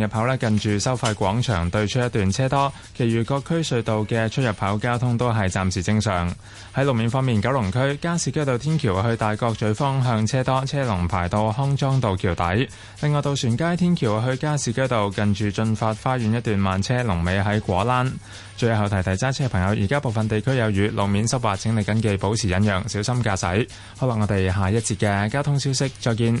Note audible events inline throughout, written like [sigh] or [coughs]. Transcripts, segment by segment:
入口咧，近住收費廣場對出一段車多，其餘各區隧道嘅出入口交通都係暫時正常。喺路面方面，九龍區加士居道天橋去大角咀方向車多，車龍排到康莊道橋底。另外，渡船街天橋去加士居道近住駿發花園一段慢車龍尾喺果欄。最後提提揸車嘅朋友，而家部分地區有雨，路面濕滑，請你謹記保持忍讓，小心駕駛。好啦，我哋下一節嘅交通消息，再見。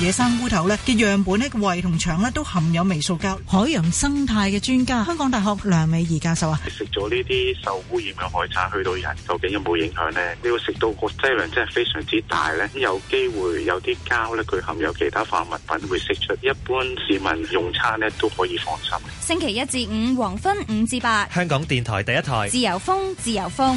野生烏頭咧嘅樣本咧胃同腸咧都含有微塑膠。海洋生態嘅專家香港大學梁美儀教授話：食咗呢啲受污染嘅海產去到人，究竟有冇影響呢？你會食到個劑量真係非常之大呢。有機會有啲膠咧佢含有其他化物品會食出。一般市民用餐咧都可以放心。星期一至五黃昏五至八，香港電台第一台自由風，自由風。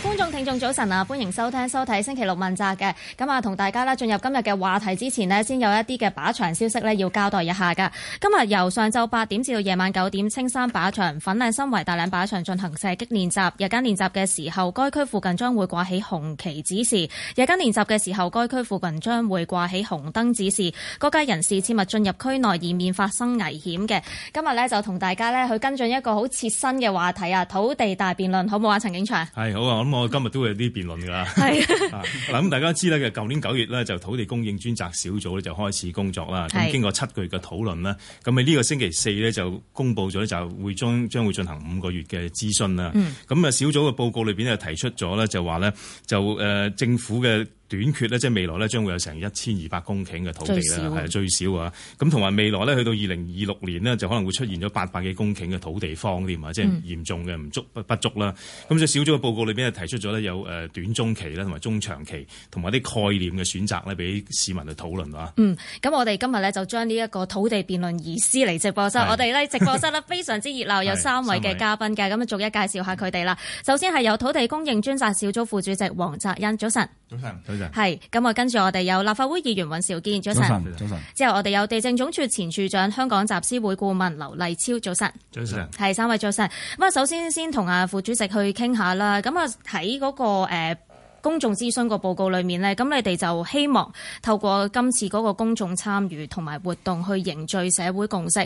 觀眾聽眾早晨啊，歡迎收聽收睇星期六問責嘅，咁啊同大家呢進入今日嘅話題之前呢，先有一啲嘅靶場消息呢要交代一下嘅。今日由上晝八點至到夜晚九點，青山靶場、粉嶺新圍大嶺靶場進行射擊練習。日間練習嘅時候，該區附近將會掛起紅旗指示；夜間練習嘅時候，該區附近將會掛起紅燈指示，各界人士切勿進入區內以免發生危險嘅。今日呢，就同大家呢去跟進一個好切身嘅話題啊，土地大辯論，好唔好啊，陳景祥？係好啊，咁我今日都會有啲辯論㗎啦。係嗱，咁大家知咧嘅，舊年九月咧就土地供應專責小組咧就開始工作啦。咁 [laughs] 經過七個月嘅討論啦，咁喺呢個星期四咧就公布咗，就會將將會進行五個月嘅諮詢啦。咁啊、嗯，小組嘅報告裏邊咧提出咗咧就話咧就誒、呃、政府嘅。短缺呢，即係未來呢將會有成一千二百公頃嘅土地啦，係最少啊！咁同埋未來呢，去到二零二六年呢，就可能會出現咗八百幾公頃嘅土地荒㗎啊，即係嚴重嘅唔足不足啦。咁即、嗯、小組嘅報告裏面提出咗呢，有短中期啦，同埋中長期，同埋啲概念嘅選擇呢，俾市民去討論啊！嗯，咁我哋今日呢，就將呢一個土地辯論移師嚟直播室，是我哋呢直播室呢，非常之熱鬧， [laughs] 有三位嘅嘉賓嘅，咁啊逐一介紹一下佢哋啦。首先係由土地供應專責小組副主席黃澤恩，早晨。早晨。早係，咁我跟住我哋有立法會議員尹兆堅，早晨，早晨，早晨之後我哋有地政總署前署長、香港集思會顧問劉勵超，早晨，早晨，係三位早晨。咁啊，首先先同阿副主席去傾下啦。咁啊、那個，喺嗰個誒。公眾諮詢個報告裏面呢，咁你哋就希望透過今次嗰個公眾參與同埋活動去凝聚社會共識。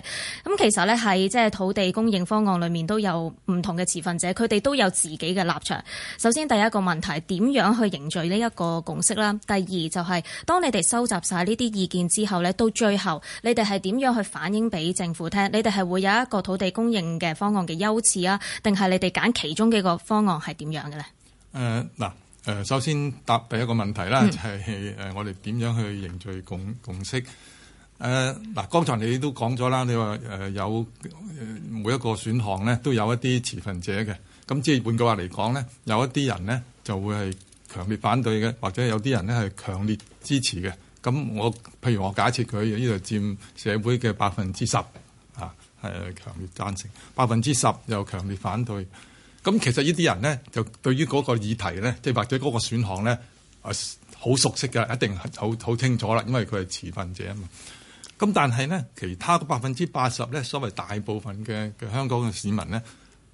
咁其實呢，係即係土地供應方案裏面都有唔同嘅持份者，佢哋都有自己嘅立場。首先，第一個問題點樣去凝聚呢一個共識啦？第二就係當你哋收集晒呢啲意見之後呢，到最後你哋係點樣去反映俾政府聽？你哋係會有一個土地供應嘅方案嘅優次啊，定係你哋揀其中幾個方案係點樣嘅呢？呃、嗱。誒首先答第一個問題啦，就係誒我哋點樣去凝聚共共識？誒嗱、嗯，剛才你都講咗啦，你話誒有每一個選項咧，都有一啲持份者嘅。咁即係換句話嚟講咧，有一啲人咧就會係強烈反對嘅，或者有啲人咧係強烈支持嘅。咁我譬如我假設佢呢度佔社會嘅百分之十啊，係強烈贊成；百分之十又強烈反對。咁其實呢啲人咧，就對於嗰個議題咧，即係或者嗰個選項咧，啊好熟悉嘅，一定係好好清楚啦，因為佢係持份者啊嘛。咁但係咧，其他百分之八十咧，所謂大部分嘅嘅香港嘅市民咧，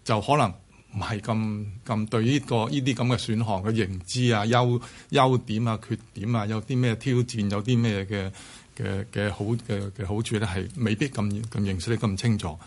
就可能唔係咁咁對呢個呢啲咁嘅選項嘅認知啊、優優點啊、缺點啊、有啲咩挑戰、有啲咩嘅嘅嘅好嘅嘅好處咧，係未必咁咁認識得咁清楚。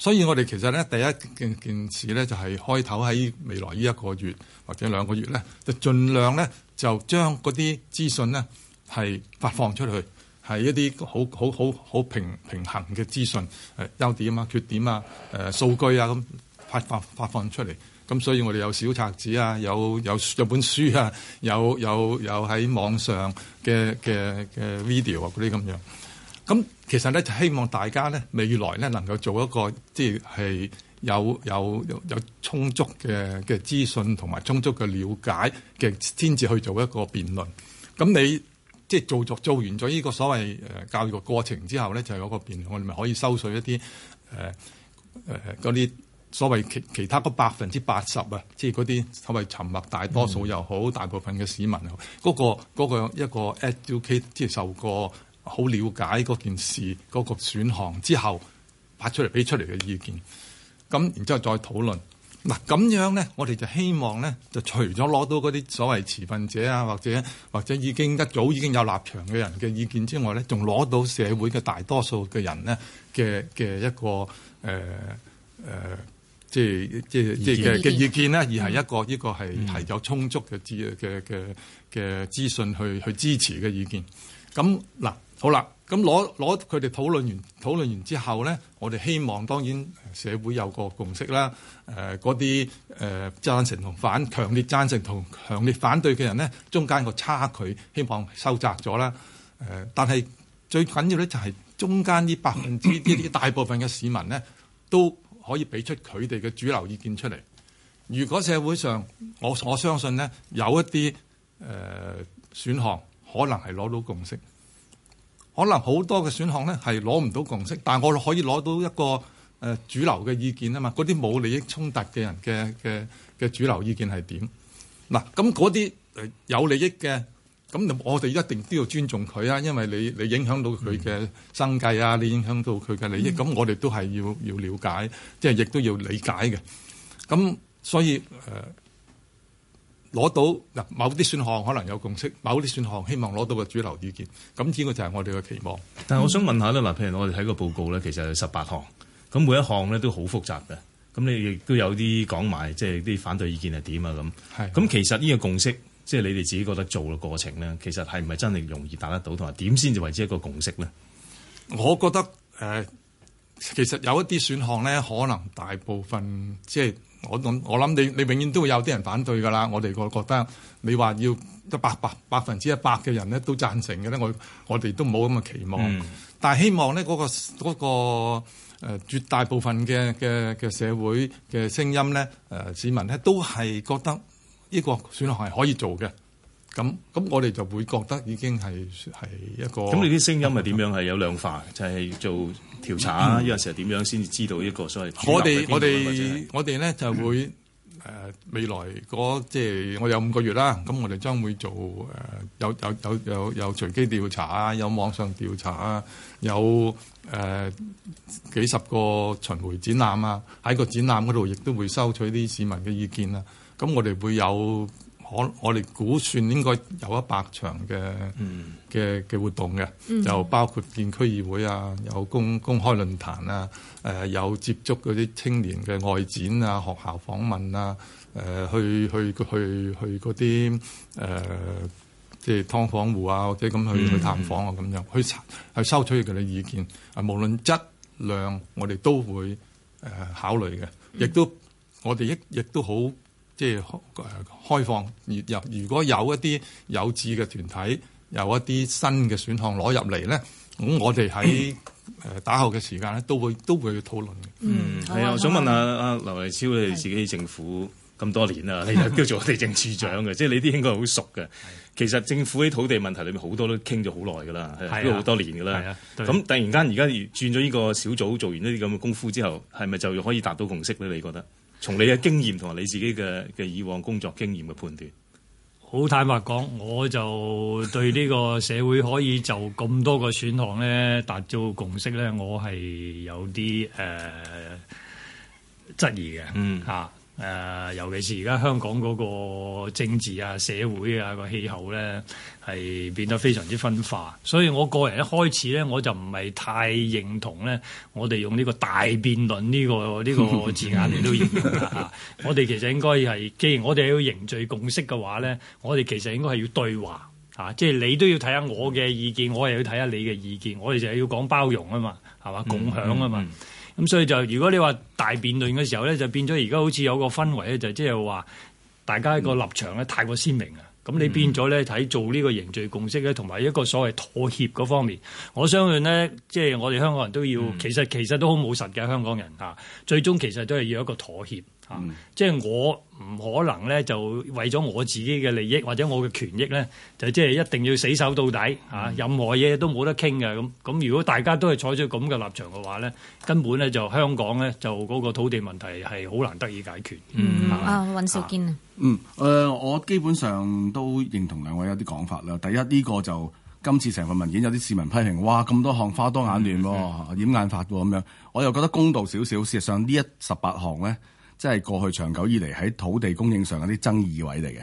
所以我哋其實咧第一件件事咧就係、是、開頭喺未來呢一個月或者兩個月咧，就盡量咧就將嗰啲資訊咧係發放出去，係一啲好好好好平平衡嘅資訊，誒、呃、優點啊、缺點啊、誒數據啊咁發發發放出嚟。咁所以我哋有小冊子啊，有有有本書啊，有有有喺網上嘅嘅嘅 video 啊嗰啲咁樣。咁其實咧就希望大家咧未來咧能夠做一個即係有有有充足嘅嘅資訊同埋充足嘅了解嘅，先至去做一個辯論。咁你即係做做做完咗呢個所謂誒、呃、教育嘅過程之後咧，就係一個辯論，我哋咪可以收稅一啲誒誒嗰啲所謂其其他嗰百分之八十啊，即係嗰啲所謂沉默大多數又好，嗯、大部分嘅市民啊，嗰、嗰個嗰個一個 educate 接受過。好了解嗰件事嗰、嗰個選項之後，發出嚟俾出嚟嘅意見，咁然之後再討論嗱，咁樣咧，我哋就希望咧，就除咗攞到嗰啲所謂持份者啊，或者或者已經一早已經有立場嘅人嘅意見之外咧，仲攞到社會嘅大多數嘅人咧嘅嘅一個誒誒、呃呃，即係即係即嘅嘅意見咧，見見而係一個呢、嗯、個係提咗充足嘅資嘅嘅嘅資訊去去支持嘅意見，咁嗱。好啦，咁攞攞佢哋討論完討論完之後咧，我哋希望當然社會有個共識啦。誒，嗰啲誒贊成同反，強烈贊成同強烈反對嘅人咧，中間個差距希望收窄咗啦。呃、但係最緊要咧就係中間呢百分之呢啲大部分嘅市民咧，都可以俾出佢哋嘅主流意見出嚟。如果社會上我我相信咧，有一啲誒、呃、選項可能係攞到共識。可能好多嘅選項咧係攞唔到共識，但係我可以攞到一個誒、呃、主流嘅意見啊嘛。嗰啲冇利益衝突嘅人嘅嘅嘅主流意見係點？嗱，咁嗰啲有利益嘅，咁我哋一定都要尊重佢啊，因為你你影響到佢嘅生計啊，你影響到佢嘅、嗯、利益，咁、嗯、我哋都係要要了解，即係亦都要理解嘅。咁所以誒。呃攞到嗱，某啲選項可能有共識，某啲選項希望攞到個主流意見，咁呢個就係我哋嘅期望。嗯、但係我想問下咧，嗱，譬如我哋睇個報告咧，其實有十八項，咁每一項咧都好複雜嘅，咁你亦都有啲講埋，即係啲反對意見係點啊咁。係。咁其實呢個共識，即係你哋自己覺得做嘅過程咧，其實係唔係真係容易達得到，同埋點先至為之一個共識咧？我覺得、呃、其實有一啲選項咧，可能大部分即係。我諗我諗你你永遠都會有啲人反對㗎啦。我哋覺覺得，你話要一百百百分之一百嘅人咧都贊成嘅咧，我我哋都冇咁嘅期望。嗯、但係希望咧嗰、嗰個嗰、嗰個、呃、絕大部分嘅嘅嘅社會嘅聲音咧誒、呃、市民咧都係覺得呢個選項係可以做嘅。咁咁我哋就會覺得已經係係一個咁，你啲聲音係點樣係、嗯、有量化就係、是、做調查啊，呢個時候點樣先至知道呢個所謂我哋們我哋們我哋咧就會誒、嗯呃、未來嗰即係我有五個月啦，咁我哋將會做誒、呃、有有有有有隨機調查啊，有網上調查啊，有誒、呃、幾十個巡迴展覽啊，喺個展覽嗰度亦都會收取啲市民嘅意見啊。咁我哋會有。我我哋估算應該有一百場嘅嘅嘅活動嘅，就包括建區議會啊，有公公開論壇啊，誒、呃、有接觸嗰啲青年嘅外展啊、學校訪問啊，誒、呃、去去去去嗰啲誒即係劏房戶啊，或者咁去去探訪啊咁樣去、嗯、去，去收取佢哋意見，無論質量我哋都會誒、呃、考慮嘅，亦都我哋亦亦都好。即係開放，若如果有一啲有志嘅團體，有一啲新嘅選項攞入嚟咧，咁我哋喺誒打後嘅時間咧，都會都會去討論，嗯，係啊，我想問下阿劉勵超，你自己政府咁多年啦，是你又叫做我哋政處長嘅， [laughs] 即係你啲應該好熟嘅。的其實政府喺土地問題裏面好多都傾咗好耐㗎啦，的都好多年㗎啦。咁突然間而家轉咗呢個小組，做完呢啲咁嘅功夫之後，係咪就可以達到共識咧？你覺得？從你嘅經驗同埋你自己嘅嘅以往工作經驗嘅判斷，好坦白講，我就對呢個社會可以就咁多個選項咧達到共識咧，我係有啲誒、呃、質疑嘅，嗯嚇。誒、呃，尤其是而家香港嗰個政治啊、社會啊、個氣候咧，係變得非常之分化。所以我個人一開始咧，我就唔係太認同咧，我哋用呢個大辯論呢個呢個字眼嚟都認同。 [laughs] 我哋其實應該係，既然我哋要凝聚共識嘅話咧，我哋其實應該係要對話啊，即係你都要睇下我嘅意見，我又要睇下你嘅意見，我哋就係要講包容啊嘛，係嘛，共享啊嘛。嗯嗯。咁所以就如果你話大辯論嘅時候咧，就變咗而家好似有一個氛圍咧，就即係話大家一個立場咧太過鮮明啊！咁、嗯、你變咗咧睇做呢個凝聚共識咧，同埋一個所謂妥協嗰方面，我相信咧，即係我哋香港人都要，嗯、其實其實都好冇實嘅香港人啊！最終其實都係要一個妥協。嗯、即係我唔可能咧，就為咗我自己嘅利益或者我嘅權益咧，就即係一定要死守到底、嗯、任何嘢都冇得傾嘅咁咁。如果大家都係採取咁嘅立場嘅話咧，根本咧就香港咧就嗰個土地問題係好難得以解決。嗯吧啊，尹兆堅啊，嗯、呃、我基本上都認同兩位有啲講法啦。第一呢、呢個就今次成份文件有啲市民批評，哇，咁多項花多眼亂喎，掩、嗯、眼法咁樣。我又覺得公道少少，事實上這一18呢一十八項咧，即係過去長久以嚟喺土地供應上啲爭議位嚟嘅，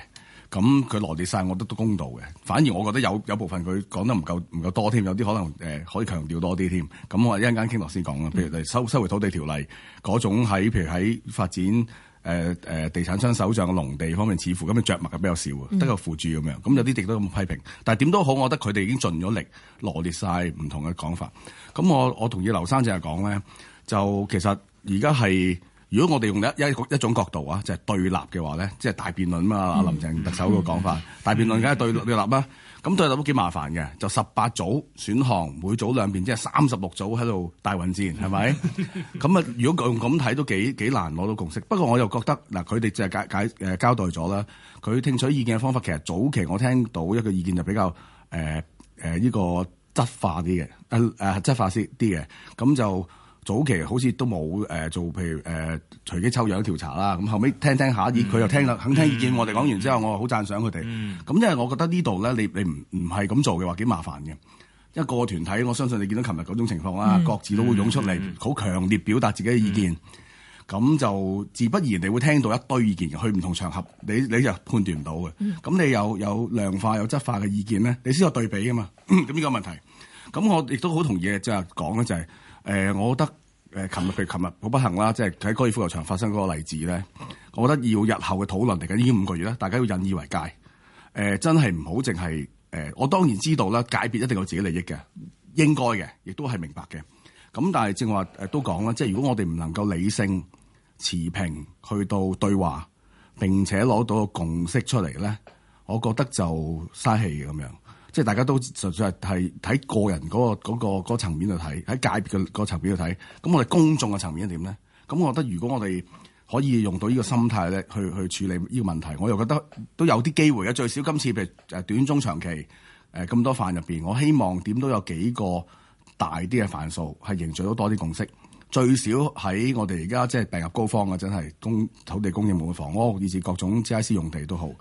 咁佢羅列晒，我覺得都公道嘅。反而我覺得有有部分佢講得唔夠唔夠多添，有啲可能誒、呃、可以強調多啲添。咁我一陣間傾落先講啦。譬如你收收回土地條例嗰種喺譬如喺發展誒、呃、地產商手上嘅農地方面，似乎咁樣著墨比較少，得個附註咁樣。咁有啲亦都咁批評，但係點都好，我覺得佢哋已經盡咗力羅列晒唔同嘅講法。咁我我同意劉生正日講咧，就其實而家係。如果我哋用一一一種角度啊，就係、是、對立嘅話咧，即係大辯論啊！嗯、林鄭特首個講法，嗯、大辯論梗係對對立啦。咁、嗯、對立都幾麻煩嘅，就十八組選項，每組兩邊，即係三十六組喺度大混戰，係咪？咁啊，如果用咁睇都幾幾難攞到共識。不過我又覺得嗱，佢哋即係解解，解交代咗啦。佢聽取意見嘅方法，其實早期我聽到一個意見就比較誒呢個質化啲嘅誒誒質化啲啲嘅，咁就。早期好似都冇誒、呃、做，譬如誒、呃、隨機抽樣調查啦。咁後尾聽聽下，佢又、mm hmm. 聽啦，肯聽意見。我哋講完之後，我好讚賞佢哋。咁、mm hmm. 因為我覺得呢度咧，你你唔唔係咁做嘅話，幾麻煩嘅。一個個個團體，我相信你見到琴日嗰種情況啦，mm hmm. 各自都會湧出嚟，好、mm hmm. 強烈表達自己嘅意見。咁、mm hmm. 就自不然你會聽到一堆意見，去唔同場合，你你就判斷唔到嘅。咁、mm hmm. 你有有量化有質化嘅意見咧，你先有對比噶嘛。咁呢 [coughs] 個問題，咁我亦都好同意嘅，即係講咧就係、是。誒、呃，我覺得誒，琴、呃、日譬如琴日好不幸啦，即係喺高爾夫球場發生嗰個例子咧，我覺得要日後嘅討論嚟緊已經五個月啦，大家要引以為戒。誒、呃，真係唔好淨係誒，我當然知道啦，解別一定有自己利益嘅，應該嘅，亦都係明白嘅。咁但係正話誒，都講啦，即係如果我哋唔能夠理性持平去到對話，並且攞到個共識出嚟咧，我覺得就嘥氣嘅咁樣。即係大家都純粹係睇個人嗰、嗰個嗰、嗰個嗰個層面度睇，喺界別嘅、嗰個層面度睇，咁我哋公眾嘅層面係點咧？咁我覺得如果我哋可以用到呢個心態咧，去去處理呢個問題，我又覺得都有啲機會嘅。最少今次譬如誒短中長期誒咁、呃、多範入邊，我希望點都有幾個大啲嘅範數係凝聚到多啲共識。最少喺我哋而家即係病入膏肓嘅真係供土地供應冇嘅房屋，以至各種 GIC 用地都好，誒、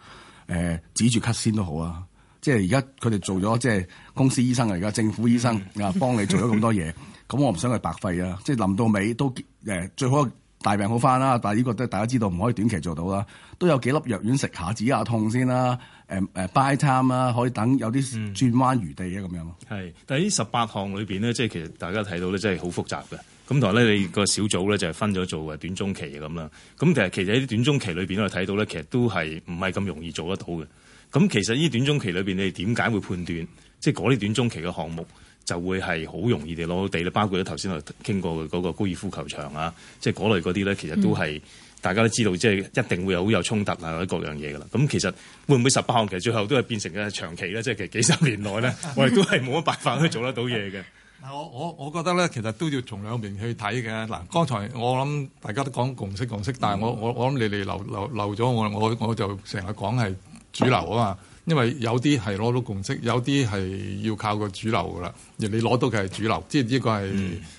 呃、止住咳先都好啊！即係而家佢哋做咗即係公司醫生啊，而家政府醫生啊，幫你做咗咁多嘢，咁 [laughs] 我唔想佢白費啊！即係臨到尾都誒、欸、最好大病好翻啦，但係呢個都大家都知道唔可以短期做到啦，都有幾粒藥丸食下止下、啊、痛先啦，誒、欸、誒、呃、buy time 啦，可以等有啲轉彎餘地啊咁、嗯、樣囉。係，但係呢十八項裏邊咧，即係其實大家睇到咧，真係好複雜嘅。咁同埋咧，你個小組咧就係分咗做誒短中期咁啦。咁其實其實喺短中期裏邊咧睇到咧，其實都係唔係咁容易做得到嘅。咁其實呢短中期裏面，你哋點解會判斷，即係嗰啲短中期嘅項目就會係好容易地攞到地咧？包括咗頭先我傾過嘅嗰個高爾夫球場啊，即係嗰類嗰啲咧，其實都係、嗯、大家都知道，即、就、係、是、一定會有好有衝突啊，或者各樣嘢噶啦。咁其實會唔會十八項其實最後都係變成嘅長期咧？即係其實幾十年內咧， [laughs] 我哋都係冇乜辦法去做得到嘢嘅。我我我覺得咧，其實都要從兩邊去睇嘅嗱。剛才我諗大家都講共識共識，但係我我我諗你哋漏漏咗我我我就成日講係。主流啊嘛，因為有啲係攞到共識，有啲係要靠個主流噶啦。而你攞到嘅係主流，即係呢個係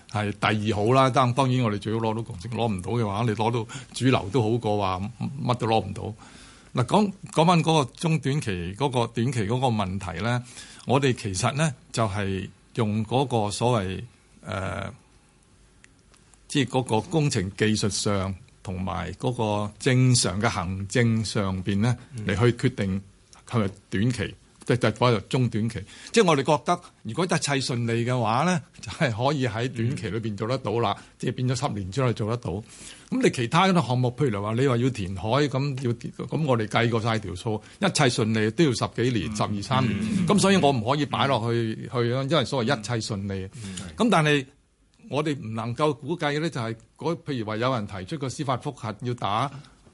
係、嗯、第二好啦。當當然我哋最好攞到共識，攞唔到嘅話，你攞到主流都好過話乜都攞唔到。嗱，講講翻嗰個中短期嗰、嗰個短期嗰個問題咧，我哋其實咧就係、係、用嗰個所謂誒、呃，即係嗰個工程技術上。同埋嗰個正常嘅行政上面咧，嚟去決定係咪短期，即係擺入中短期。即係我哋覺得，如果一切順利嘅話咧，就係、是、可以喺短期裏面做得到啦。嗯、即係變咗十年之後做得到。咁你其他嗰啲項目，譬如嚟話你話要填海咁要，咁我哋計過曬條數，一切順利都要十幾年、嗯、十二三年。咁、嗯、所以我唔可以擺落去去啊，因為所謂一切順利。咁、嗯、但係。我哋唔能夠估計咧，就係譬如話有人提出個司法覆核要打，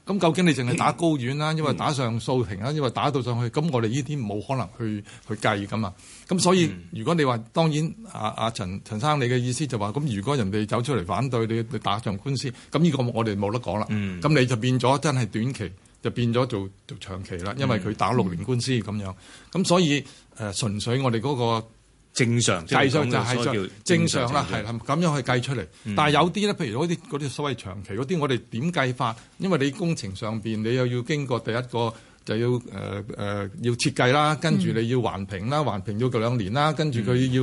咁究竟你淨係打高院啦，因為打上訴庭啦，因為打到上去，咁我哋呢啲冇可能去去計㗎嘛。咁所以如果你話當然，阿、啊、阿、啊、陳陳生你嘅意思就話，咁如果人哋走出嚟反對你，你打上官司，咁呢個我哋冇得講啦。咁你就變咗真係短期，就變咗做做長期啦，因為佢打六年官司咁樣。咁所以誒、呃，純粹我哋嗰、那個。正常計上就係正常啦，係啦。咁樣去計出嚟。嗯，但係有啲咧，譬如嗰啲嗰啲所謂長期嗰啲，我哋點計法？因為你工程上邊，你又要經過第一個。就要誒要設計啦，跟住你要環評啦，環評咗兩年啦，跟住佢要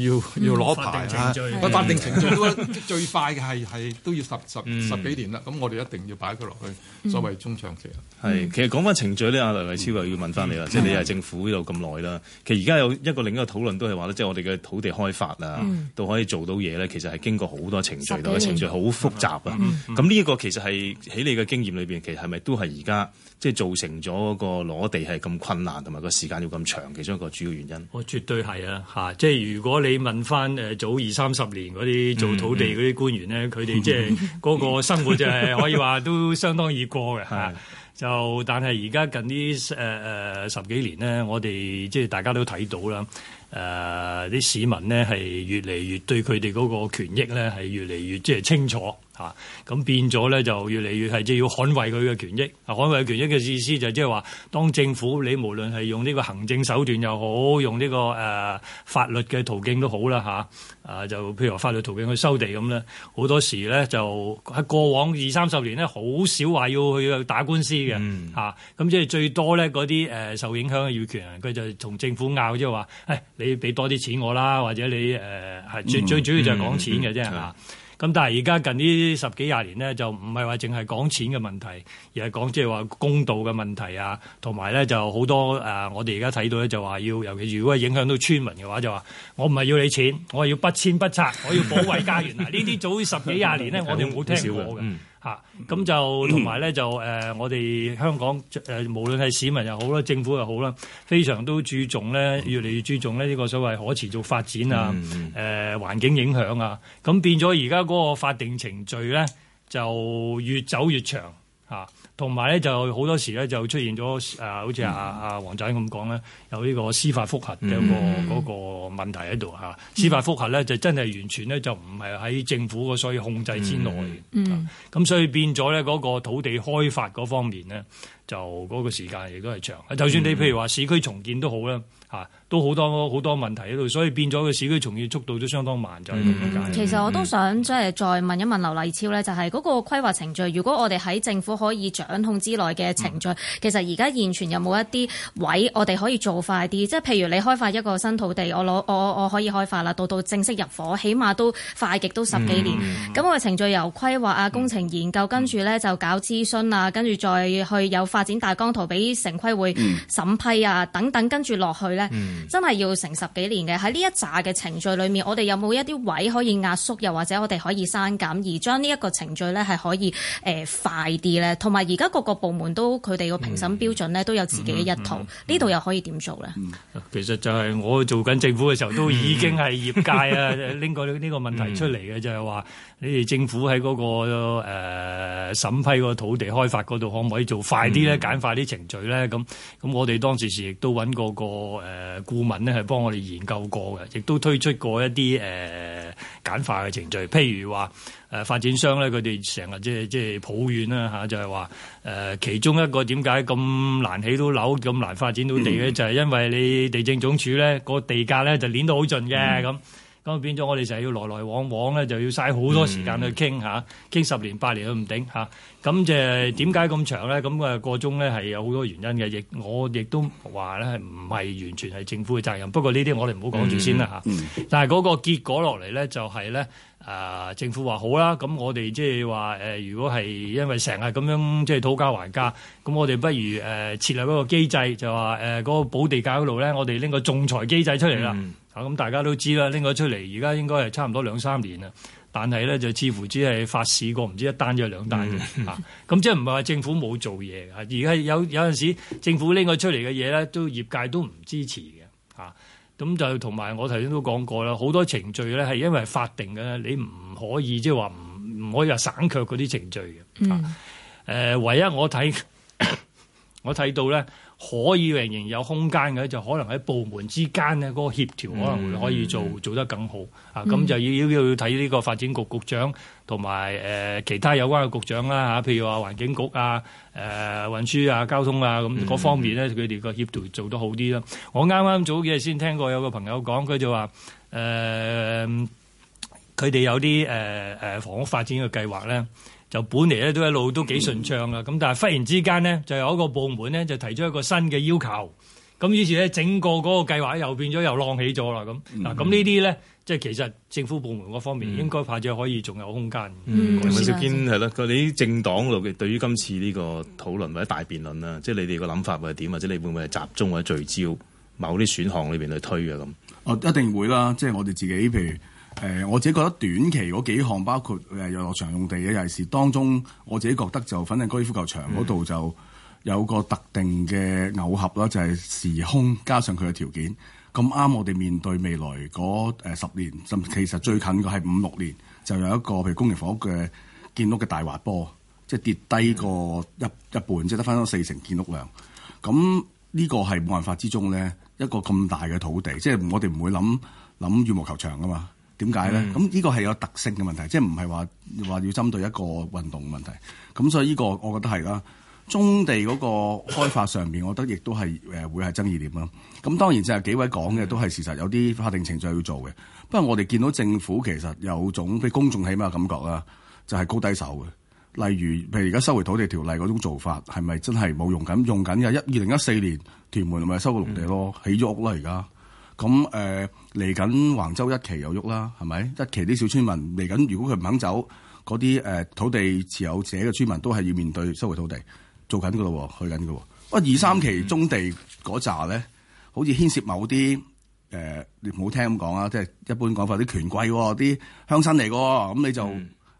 要要攞牌啊，法定程序都最快嘅係係都要十十十幾年啦，咁我哋一定要擺佢落去所謂中長期啦。係其實講翻程序咧，阿劉勵超又要問翻你啦，即係你係政府度咁耐啦。其實而家有一個另一個討論都係話即係我哋嘅土地開發啊，都可以做到嘢咧。其實係經過好多程序㗎，程序好複雜啊。咁呢一個其實係喺你嘅經驗裏面，其實係咪都係而家？即係造成咗個個攞地係咁困難，同埋個時間要咁長，其中一個主要原因。我絕對係啊，即係如果你問翻、呃、早二三十年嗰啲做土地嗰啲官員咧，佢哋即係嗰個生活就係、 [laughs] 可以話都相當易過嘅是、啊、就但係而家近呢、呃、十幾年呢，我哋即係大家都睇到啦。啲、呃、市民呢係越嚟越對佢哋嗰個權益咧係越嚟越即係、就係、清楚。嚇咁變咗咧，就越嚟越係即係要捍衛佢嘅權益。捍衛權益嘅意思就即係話，當政府你無論係用呢個行政手段又好，用呢、這個誒、呃、法律嘅途徑都好啦吓，啊，就譬如法律途徑去收地咁咧，好多時咧就喺過往二三十年咧，好少話要去打官司嘅嚇。咁即係最多咧，嗰啲誒受影響嘅業權人，佢就同政府拗，即係話誒，你俾多啲錢我啦，或者你誒、呃、最最主要就係講錢嘅啫嚇。嗯嗯嗯。咁但係而家近呢十幾廿年呢，就唔係話淨係講錢嘅問題，而係講即係話公道嘅問題啊，同埋咧就好多誒，我哋而家睇到咧就話要，尤其如果係影響到村民嘅話就，就話我唔係要你錢，我係要不遷不拆，我要保衛家園。呢啲 [laughs] 早十幾廿年呢， [laughs] 我哋冇聽過嘅。 [laughs] 吓，咁就同埋咧就誒、呃，我哋香港誒、呃，無論係市民又好啦，政府又好啦，非常都注重咧，越嚟越注重咧呢個所謂可持續發展啊，誒、呃、環境影響啊，咁變咗而家嗰個法定程序咧就越走越長，啊同埋咧，就好多時咧，就出現咗好似阿阿黃仔咁講咧，有呢個司法覆核嘅個個嗰個問題喺度、嗯、司法覆核咧，就真係完全咧，就唔係喺政府嘅所以控制之內咁、嗯嗯、所以變咗咧，嗰個土地開發嗰方面咧，就嗰個時間亦都係長。就算你譬如話市區重建都好啦嚇都好多好多問題喺度，所以變咗個市區重建速度都相當慢，就係咁。其實我都想即係、嗯、再問一問劉勵超咧，就係、是、嗰個規劃程序，如果我哋喺政府可以掌控之內嘅程序，嗯、其實而家現存有冇一啲位我哋可以做快啲？即係譬如你開發一個新土地，我攞我我可以開發啦，到到正式入伙起碼都快極都十幾年。咁個程序由規劃啊、工程研究，跟住咧就搞諮詢啊，跟住再去有發展大綱圖俾城規會審批啊，等等，跟住落去咧。嗯真係要成十幾年嘅，喺呢一扎嘅程序裏面，我哋有冇一啲位可以壓縮，又或者我哋可以刪減，而將呢一個程序咧係可以誒、呃、快啲咧？同埋而家各個部門都佢哋個評審標準咧都有自己嘅一套，呢度、嗯嗯嗯嗯、又可以點做咧、嗯？其實就係我做緊政府嘅時候，都已經係業界啊拎過呢個問題出嚟嘅，嗯、就係話你哋政府喺嗰、嗰個誒、呃、審批個土地開發嗰度，可唔可以做快啲咧？簡化啲程序咧？咁咁我哋當時時亦都揾過、嗰個、呃顧問咧係幫我哋研究過嘅，亦都推出過一啲誒、呃、簡化嘅程序，譬如話誒、呃、發展商咧佢哋成日即係即係抱怨啦嚇，就係話誒其中一個點解咁難起到樓，咁難發展到地咧，嗯、就係因為你地政總署咧個地價咧就捻到好盡嘅咁。嗯咁變咗，我哋就係要來來往往咧，就要嘥好多時間去傾吓，傾、嗯啊、十年八年都唔頂嚇。咁、啊、就點解咁長咧？咁、那、啊個中咧係有好多原因嘅，亦我亦都話咧係唔係完全係政府嘅責任。不過呢啲我哋唔好講住先啦、嗯嗯、但係嗰個結果落嚟咧，就係、是、咧，啊、呃、政府話好啦，咁我哋即係話誒，如果係因為成日咁樣即係討價還價咁我哋不如誒設立一個機制，就話誒嗰個保地價嗰度咧，我哋拎個仲裁機制出嚟啦。嗯咁大家都知啦，拎佢出嚟，而家應該係差唔多兩三年啦。但係咧，就似乎只係發市過唔知一單咗、就係、兩單嘅咁、嗯啊、即係唔係話政府冇做嘢？而係有有陣時政府拎佢出嚟嘅嘢咧，都業界都唔支持嘅嚇。咁、啊、就同埋我頭先都講過啦，好多程序咧係因為法定嘅，你唔可以即係話唔唔可以話省卻嗰啲程序嘅嚇、啊呃。唯一我睇我睇到咧。可以仍然有空間嘅，就可能喺部門之間嘅嗰個協調，可能會可以做、嗯、做得更好啊！咁、嗯、就要要要睇呢個發展局局長同埋誒其他有關嘅局長啦嚇，譬如話環境局啊、誒運輸啊、交通啊咁嗰方面呢，佢哋個協調做得好啲啦。嗯、我啱啱早幾日先聽過有個朋友講，佢就話誒佢哋有啲誒誒房屋發展嘅計劃咧。就本嚟咧都一路都幾順暢啊，咁、嗯、但係忽然之間呢，就有一個部門呢，就提出一個新嘅要求，咁於是咧整個嗰個計劃又變咗又晾起咗啦咁。嗱咁、嗯、呢啲咧即係其實政府部門嗰方面應該怕只可以仲有空間。嗯，咁啊兆堅係啦，嗰啲政黨嗰啲對於今次呢個討論或者大辯論啦，即係你哋個諗法會係點，或者你會唔會係集中或者聚焦某啲選項裏邊去推啊咁？哦，一定會啦，即係我哋自己譬如。誒、呃、我自己覺得短期嗰幾項，包括誒遊樂場用地嘅，尤其是當中我自己覺得就，反正高爾夫球場嗰度就有個特定嘅偶合啦，就係、是、時空加上佢嘅條件咁啱。我哋面對未來嗰十、呃、年，甚至其實最近嘅係五六年，就有一個譬如公營房屋嘅建屋嘅大滑坡，即係跌低過一一半，即係得翻四成建屋量。咁呢、這個係冇辦法之中咧，一個咁大嘅土地，即係我哋唔會諗諗羽毛球場啊嘛。點解咧？咁呢、嗯、個係有特性嘅問題，即係唔係話話要針對一個運動問題。咁所以呢個我覺得係啦，棕地嗰個開發上面，我覺得亦都係誒、呃、會係爭議點啦。咁當然就係幾位講嘅都係事實，有啲法定程序要做嘅。不過我哋見到政府其實有種俾公眾起碼感覺啦，就係、是、高低手嘅。例如譬如而家收回土地條例嗰種做法，係咪真係冇用緊？用緊嘅一二零一四年屯門咪收過農地咯，起咗、嗯、屋啦而家。咁嚟緊橫州一期有喐啦，係咪？一期啲小村民嚟緊，如果佢唔肯走，嗰啲誒土地持有者嘅村民都係要面對收回土地，做緊噶咯，去緊噶。哇、嗯，二三期中地嗰扎咧，好似牽涉某啲、呃、你唔好聽咁講啊，即、就、係、是、一般講法啲權貴啲鄉親嚟嘅，咁你就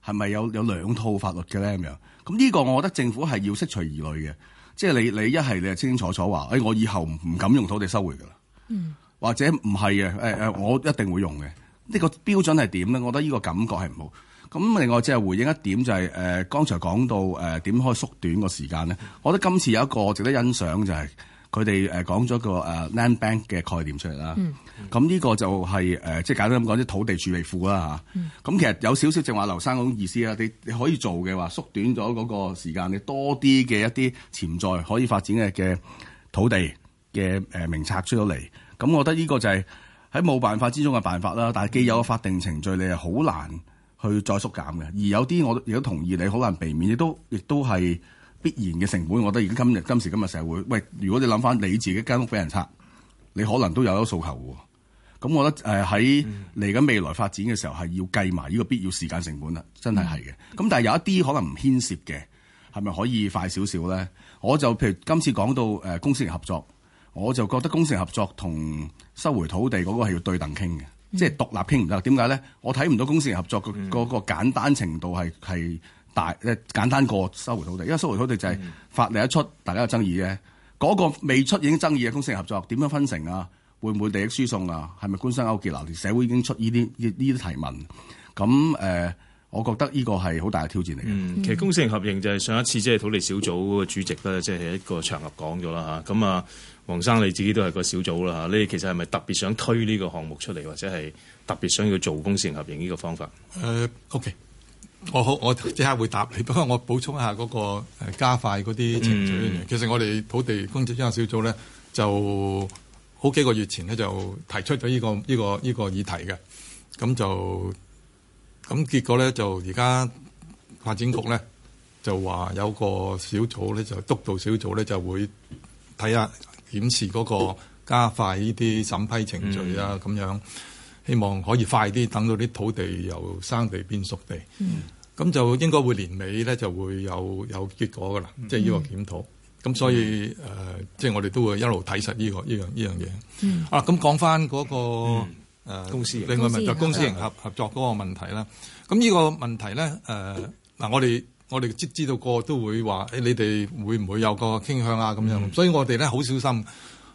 係咪、嗯、有有兩套法律嘅咧？咁樣咁呢個，我覺得政府係要釋除疑慮嘅，即、就、係、是、你你一係你係清清楚楚話，誒、哎、我以後唔敢用土地收回嘅啦。嗯。或者唔係嘅，誒誒，我一定會用嘅。呢、呢個標準係點咧？我覺得呢個感覺係唔好。咁另外即係回應一點就係、係、誒、呃，剛才講到誒點、呃、可以縮短個時間咧？我覺得今次有一個值得欣賞就係佢哋誒講咗個誒、呃、land bank 嘅概念出嚟啦。咁呢、嗯、個就係、係呃、即係簡單咁講啲土地儲備庫啦咁、嗯、其實有少少正話劉生嗰種意思啦。你你可以做嘅話縮短咗嗰個時間，你多啲嘅一啲潛在可以發展嘅嘅土地嘅名冊出到嚟。咁我覺得呢個就係喺冇辦法之中嘅辦法啦。但係既有法定程序，你係好難去再縮減嘅。而有啲我亦都同意你，你好難避免，亦都亦都係必然嘅成本。我覺得而家今日今時今日社會，喂，如果你諗翻你自己間屋俾人拆，你可能都有咗訴求喎。咁我覺得喺嚟緊未來發展嘅時候係要計埋呢個必要時間成本啦，真係係嘅。咁、嗯、但係有一啲可能唔牽涉嘅，係咪可以快少少咧？我就譬如今次講到公私嚟合作。我就覺得公私合作同收回土地嗰個係要對等傾嘅，嗯、即係獨立傾唔得。點解咧？我睇唔到公私合作嗰、嗯、個簡單程度係係大，誒簡單過收回土地。因為收回土地就係法例一出，大家有爭議嘅。嗰、嗯、個未出已經爭議嘅公私合作點樣分成啊？會唔會利益輸送啊？係咪官商勾結流、啊、社會已經出呢啲呢啲提問。咁誒、呃，我覺得呢個係好大嘅挑戰嚟嘅、嗯。其實公私合營就係上一次即係、就是、土地小組個主席咧，即、就、係、是、一個場合講咗啦嚇咁啊～黃生你自己都係個小組啦你其實係咪特別想推呢個項目出嚟，或者係特別想要做公私合營呢個方法？誒，O K，我好，我即刻會答你，不過我補充一下嗰個加快嗰啲程序、um, 其實我哋土地供應專責小組咧，就好幾個月前咧就提出咗呢、呢個呢、呢個呢、呢個議題嘅，咁就咁結果咧就而家發展局咧就話有個小組咧就督導小組咧就會睇下。檢視嗰個加快呢啲審批程序啦、啊，咁、嗯、樣希望可以快啲，等到啲土地由生地變熟地，咁、嗯、就應該會年尾咧就會有有結果㗎喇。即係呢個檢討，咁所以即係我哋都會一路睇實呢、呢個呢樣呢樣嘢。呢個呢個嗯、啊，咁講翻嗰個、呃、公司，另外問就公私營合合作嗰個問題啦。咁呢司個問題咧誒，嗱、嗯呃、我哋。我哋知知道個個都會話、欸，你哋會唔會有個傾向啊？咁樣。嗯、所以我哋咧好小心。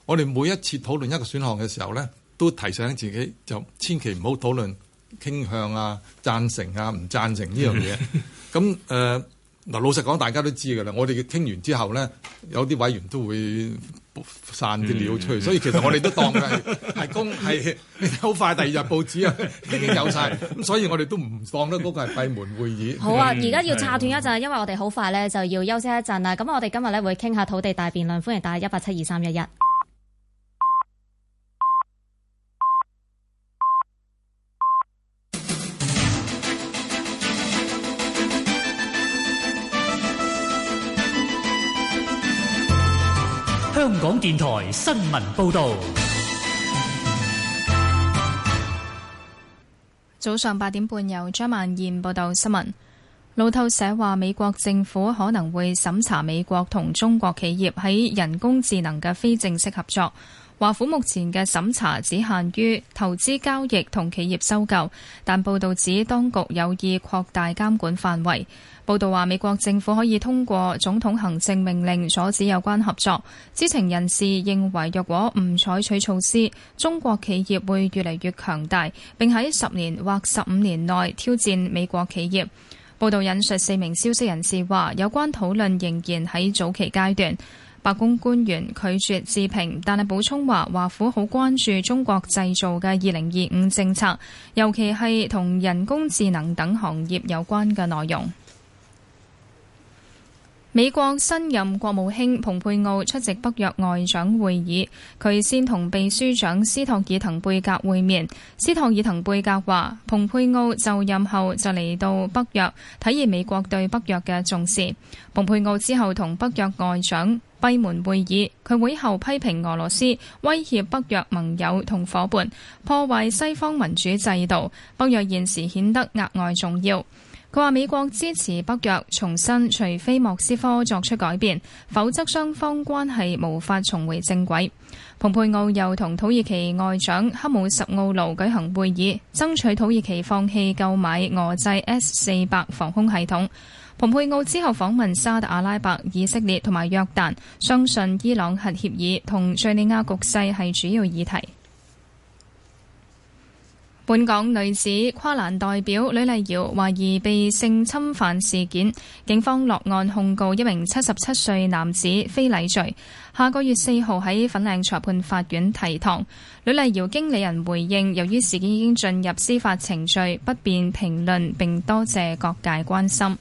我哋每一次討論一個選項嘅時候咧，都提醒自己就千祈唔好討論傾向啊、贊成啊、唔贊成呢樣嘢。咁誒、嗯。呃 [laughs] 嗱，老實講，大家都知㗎啦。我哋傾完之後咧，有啲委員都會散啲料出去，嗯、所以其實我哋都當係係公係好快，第二日報紙啊已經有晒。咁所以我哋都唔當得嗰個係閉門會議。好啊，而家要插斷一陣，因為我哋好快咧就要休息一陣啦。咁我哋今日咧會傾下土地大辯論，歡迎打一八七二三一一。香港電臺新聞報道，早上八點半由張萬燕報道新聞。路透社話，美國政府可能會審查美國同中國企業喺人工智能嘅非正式合作。華府目前嘅審查只限於投資交易同企業收購，但報道指當局有意擴大監管範圍。報道話，美國政府可以通過總統行政命令阻止有關合作。知情人士認為，若果唔採取措施，中國企業會越嚟越強大，並喺十年或十五年內挑戰美國企業。報道引述四名消息人士話，有關討論仍然喺早期階段。白宮官，官員拒絕置評，但係補充話，華府好關注中國製造嘅二零二五政策，尤其係同人工智能等行業有關嘅內容。美國新任國務卿蓬佩奧出席北約外長會議，佢先同秘書長斯托爾滕貝格會面。斯托爾滕貝格話，蓬佩奧就任後就嚟到北約，體現美國對北約嘅重視蓬佩奧之後同北約外長閉門會議，佢會後批評俄羅斯威脅北約盟友同夥伴，破壞西方民主制度。北約現時顯得額外重要。佢話：說美國支持北約重申，除非莫斯科作出改變，否則雙方關係無法重回正軌。蓬佩奧又同土耳其外長黑姆十奧盧舉行會議，爭取土耳其放棄購買俄製 S 四百防空系統。蓬佩奧之後訪問沙特阿拉伯、以色列同埋約旦，相信伊朗核協議同敘利亞局勢係主要議題。本港女子跨欄代表呂麗瑤懷疑被性侵犯事件，警方落案控告一名七十七歲男子非禮罪。下個月四號喺粉嶺裁判法院提堂。呂麗瑤經理人回應，由於事件已經進入司法程序，不便評論，並多謝各界關心。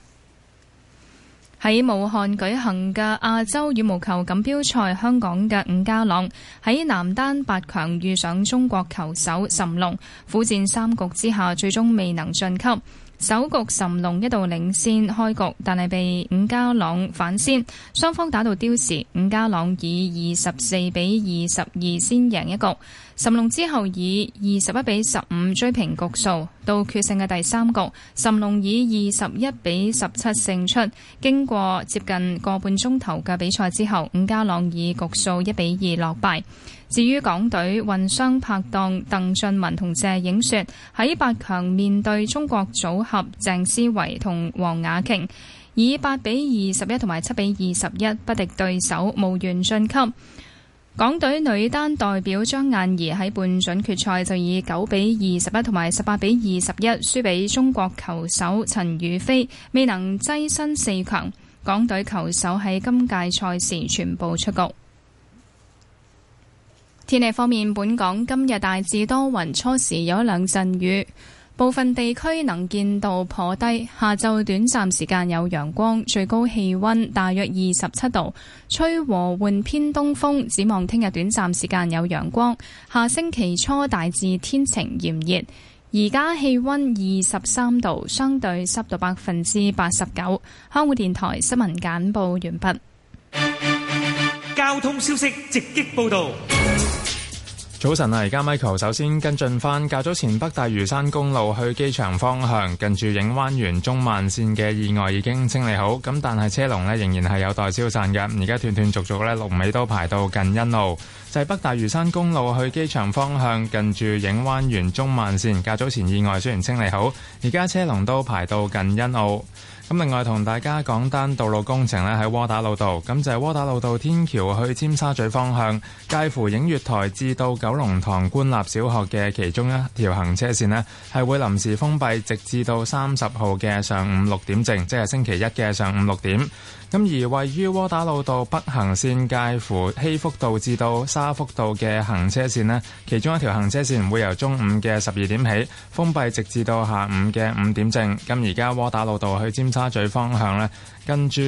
喺武漢舉行嘅亞洲羽毛球錦標賽，香港嘅伍家朗喺男單八強遇上中國球手諶龍，苦戰三局之下，最終未能晉級。首局諶龍一度領先開局，但係被伍家朗反先，雙方打到刁時，伍家朗以二十四比二十二先贏一局。諶龍之後以二十一比十五追平局數，到決勝嘅第三局，諶龍以二十一比十七勝出。經過接近個半鐘頭嘅比賽之後，伍家朗以局數一比二落敗。至於港隊混雙拍檔鄧俊文同謝影雪喺八強面對中國組合鄭思維同黃雅瓊，以八比二十一同埋七比二十一不敵對手，無緣晉級。港隊女單代表張雁兒喺半準決賽就以九比二十一同埋十八比二十一輸俾中國球手陳雨菲，未能擠身四強。港隊球手喺今屆賽事全部出局。天氣方面，本港今日大致多雲，初時有兩陣雨，部分地區能見度頗低。下晝短暫時間有陽光，最高氣温大約二十七度，吹和緩偏東風。展望聽日短暫時間有陽光，下星期初大致天晴炎熱。而家氣温二十三度，相對濕度百分之八十九。香港電台新聞簡報完畢。交通消息直擊報道。早晨啊，而家 Michael 首先跟進翻，較早前北大嶼山公路去機場方向近住影灣園中慢線嘅意外已經清理好，咁但係車龍咧仍然係有待消散嘅，而家斷斷續續咧龍尾都排到近欣路。喺北大嶼山公路去機場方向，近住影灣園中慢線，較早前意外雖然清理好，而家車龍都排到近欣澳。咁另外同大家講單道路工程呢，喺窩打老道，咁就係窩打老道天橋去尖沙咀方向，介乎影月台至到九龍塘官立小學嘅其中一條行車線呢，係會臨時封閉，直至到三十號嘅上午六點正，即係星期一嘅上午六點。咁而位於窩打老道北行線介乎喜福道至到沙福道嘅行車線呢，其中一條行車線會由中午嘅十二點起封閉，直至到下午嘅五點正。咁而家窩打老道去尖沙咀方向呢跟住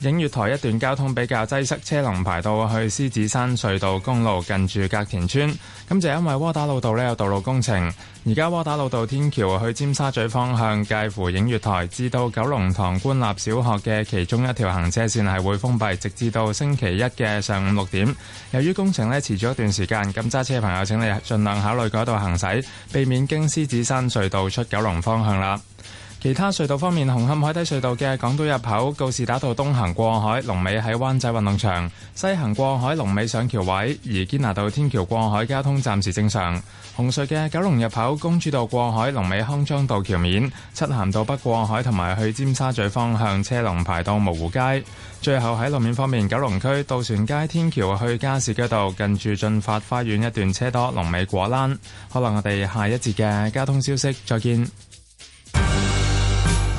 映月台一段交通比較擠塞，車龍排到去獅子山隧道公路近住隔田村。咁就因為窩打老道咧有道路工程，而家窩打老道天橋去尖沙咀方向介乎映月台至到九龍塘官立小學嘅其中一條行車線係會封閉，直至到星期一嘅上午六點。由於工程咧遲咗一段時間，咁揸車朋友請你盡量考慮改道行駛，避免經獅子山隧道出九龍方向啦。其他隧道方面，紅磡海底隧道嘅港島入口告士打道東行過海龍尾喺灣仔運動場，西行過海龍尾上橋位；而堅拿道天橋過海交通暫時正常。紅隧嘅九龍入口公主道過海龍尾康莊道橋面，漆咸道北過海同埋去尖沙咀方向車龍排到蕪湖街。最後喺路面方面，九龍區渡船街天橋去加士居道近住駿發花園一段車多，龍尾果欄。好啦，我哋下一節嘅交通消息再見。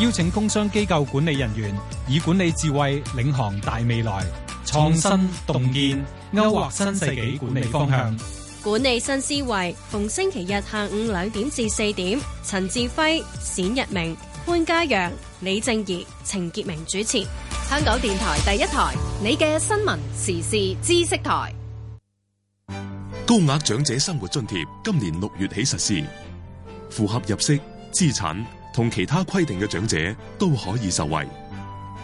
邀請工商機構管理人員以管理智慧領航大未來，創新洞見勾畫新世紀管理方向。管理新思維，逢星期日下午兩點至四點，陳志輝、冼日明、潘嘉陽、李正儀、程潔明主持。香港電台第一台，你嘅新聞時事知識台。高額長者生活津貼今年六月起實施，符合入息資產。同其他規定嘅長者都可以受惠，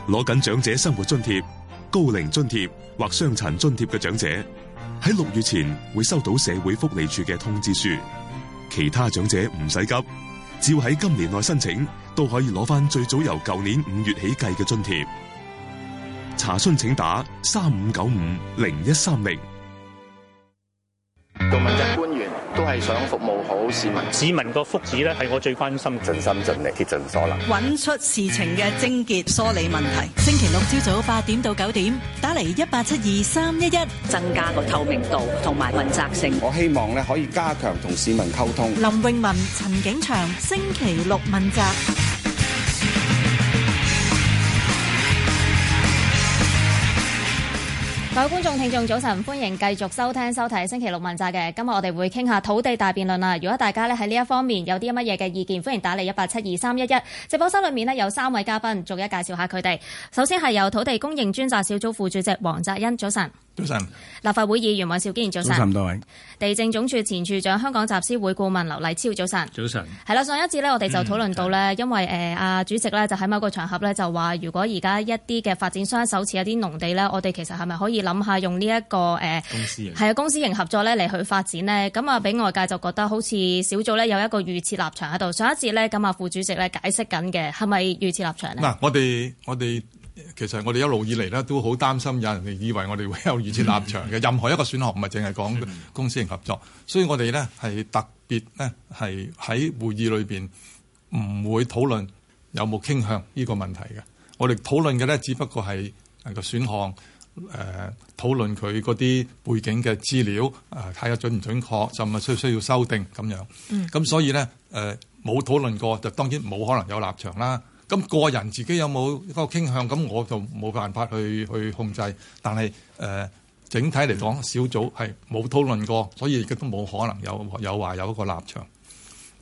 攞緊長者生活津貼、高齡津貼或傷殘津貼嘅長者，喺六月前會收到社會福利署嘅通知書。其他長者唔使急，只要喺今年內申請，都可以攞翻最早由舊年五月起計嘅津貼。查詢請打三五九五零一三零。都係想服務好市民，市民個福祉咧係我最關心，盡心盡力，竭盡所能，揾出事情嘅症結，梳理問題。星期六朝早八點到九點，打嚟一八七二三一一，增加個透明度同埋問責性。我希望咧可以加強同市民溝通。林詠雯、陳景祥，星期六問責。各位觀眾、聽眾，早晨，歡迎繼續收聽、收睇《星期六問責嘅。今日我哋會傾下土地大辯論啦。如果大家咧喺呢一方面有啲乜嘢嘅意見，歡迎打嚟一八七二三一一。直播室裏面呢，有三位嘉賓，逐一介紹一下佢哋。首先係由土地供應專責小組副主席黃澤恩，早晨。早晨，立法會議員尹兆堅，早晨。多晨位。地政總署前署長、香港集思會顧問劉勵超，早晨。早晨。係啦，上一次呢，我哋就討論到呢，因為誒阿、嗯呃、主席呢，就喺某個場合呢，就話如果而家一啲嘅發展商手持一啲農地呢，我哋其實係咪可以諗下用呢、這、一個誒，呃、公司係啊，公私營合作呢嚟去發展呢？咁啊、嗯，俾外界就覺得好似小組呢，有一個預設立場喺度。上一次呢，咁啊副主席呢，解釋緊嘅係咪預設立場咧？嗱、啊，我哋我哋。其實我哋一路以嚟咧都好擔心有人哋以為我哋會有預設立場嘅，任何一個選項唔係淨係講公私營合作，所以我哋呢係特別呢係喺會議裏邊唔會討論有冇傾向呢個問題嘅。我哋討論嘅呢，只不過係係個選項，誒討論佢嗰啲背景嘅資料，誒睇下準唔準確，就咪需唔需要修訂咁樣。咁所以呢，誒冇討論過，就當然冇可能有立場啦。咁個人自己有冇一個傾向，咁我就冇辦法去去控制。但係、呃、整體嚟講，小組係冇討論過，所以亦都冇可能有有話有一個立場。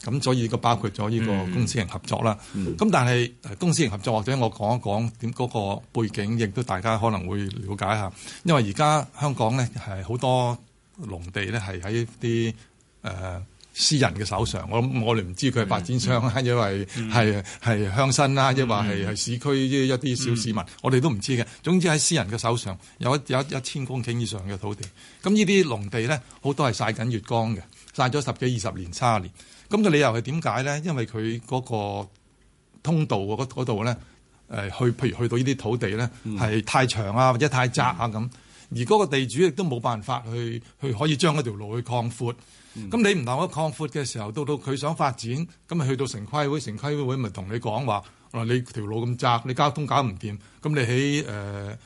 咁所以都包括咗呢個公司人合作啦。咁、mm hmm. 但係公私營合作，或者我講一講點嗰個背景，亦都大家可能會了解下。因為而家香港呢，係好多農地呢，係喺啲誒、呃私人嘅手上，嗯、我諗我哋唔知佢係發展商，嗯、因係係係鄉紳啦，一話係係市區一啲小市民，嗯、我哋都唔知嘅。總之喺私人嘅手上，有一有一千公頃以上嘅土地。咁呢啲農地咧，好多係曬緊月光嘅，曬咗十幾二十年、三十年。咁嘅理由係點解咧？因為佢嗰個通道嗰度咧，誒、呃、去譬如去到呢啲土地咧，係太長啊，或者太窄啊咁。嗯、而嗰個地主亦都冇辦法去去可以將嗰條路去擴闊。咁、嗯、你唔同我擴闊嘅時候，到到佢想發展，咁咪去到城規會，城規會咪同你講話，你條路咁窄，你交通搞唔掂，咁你起、呃、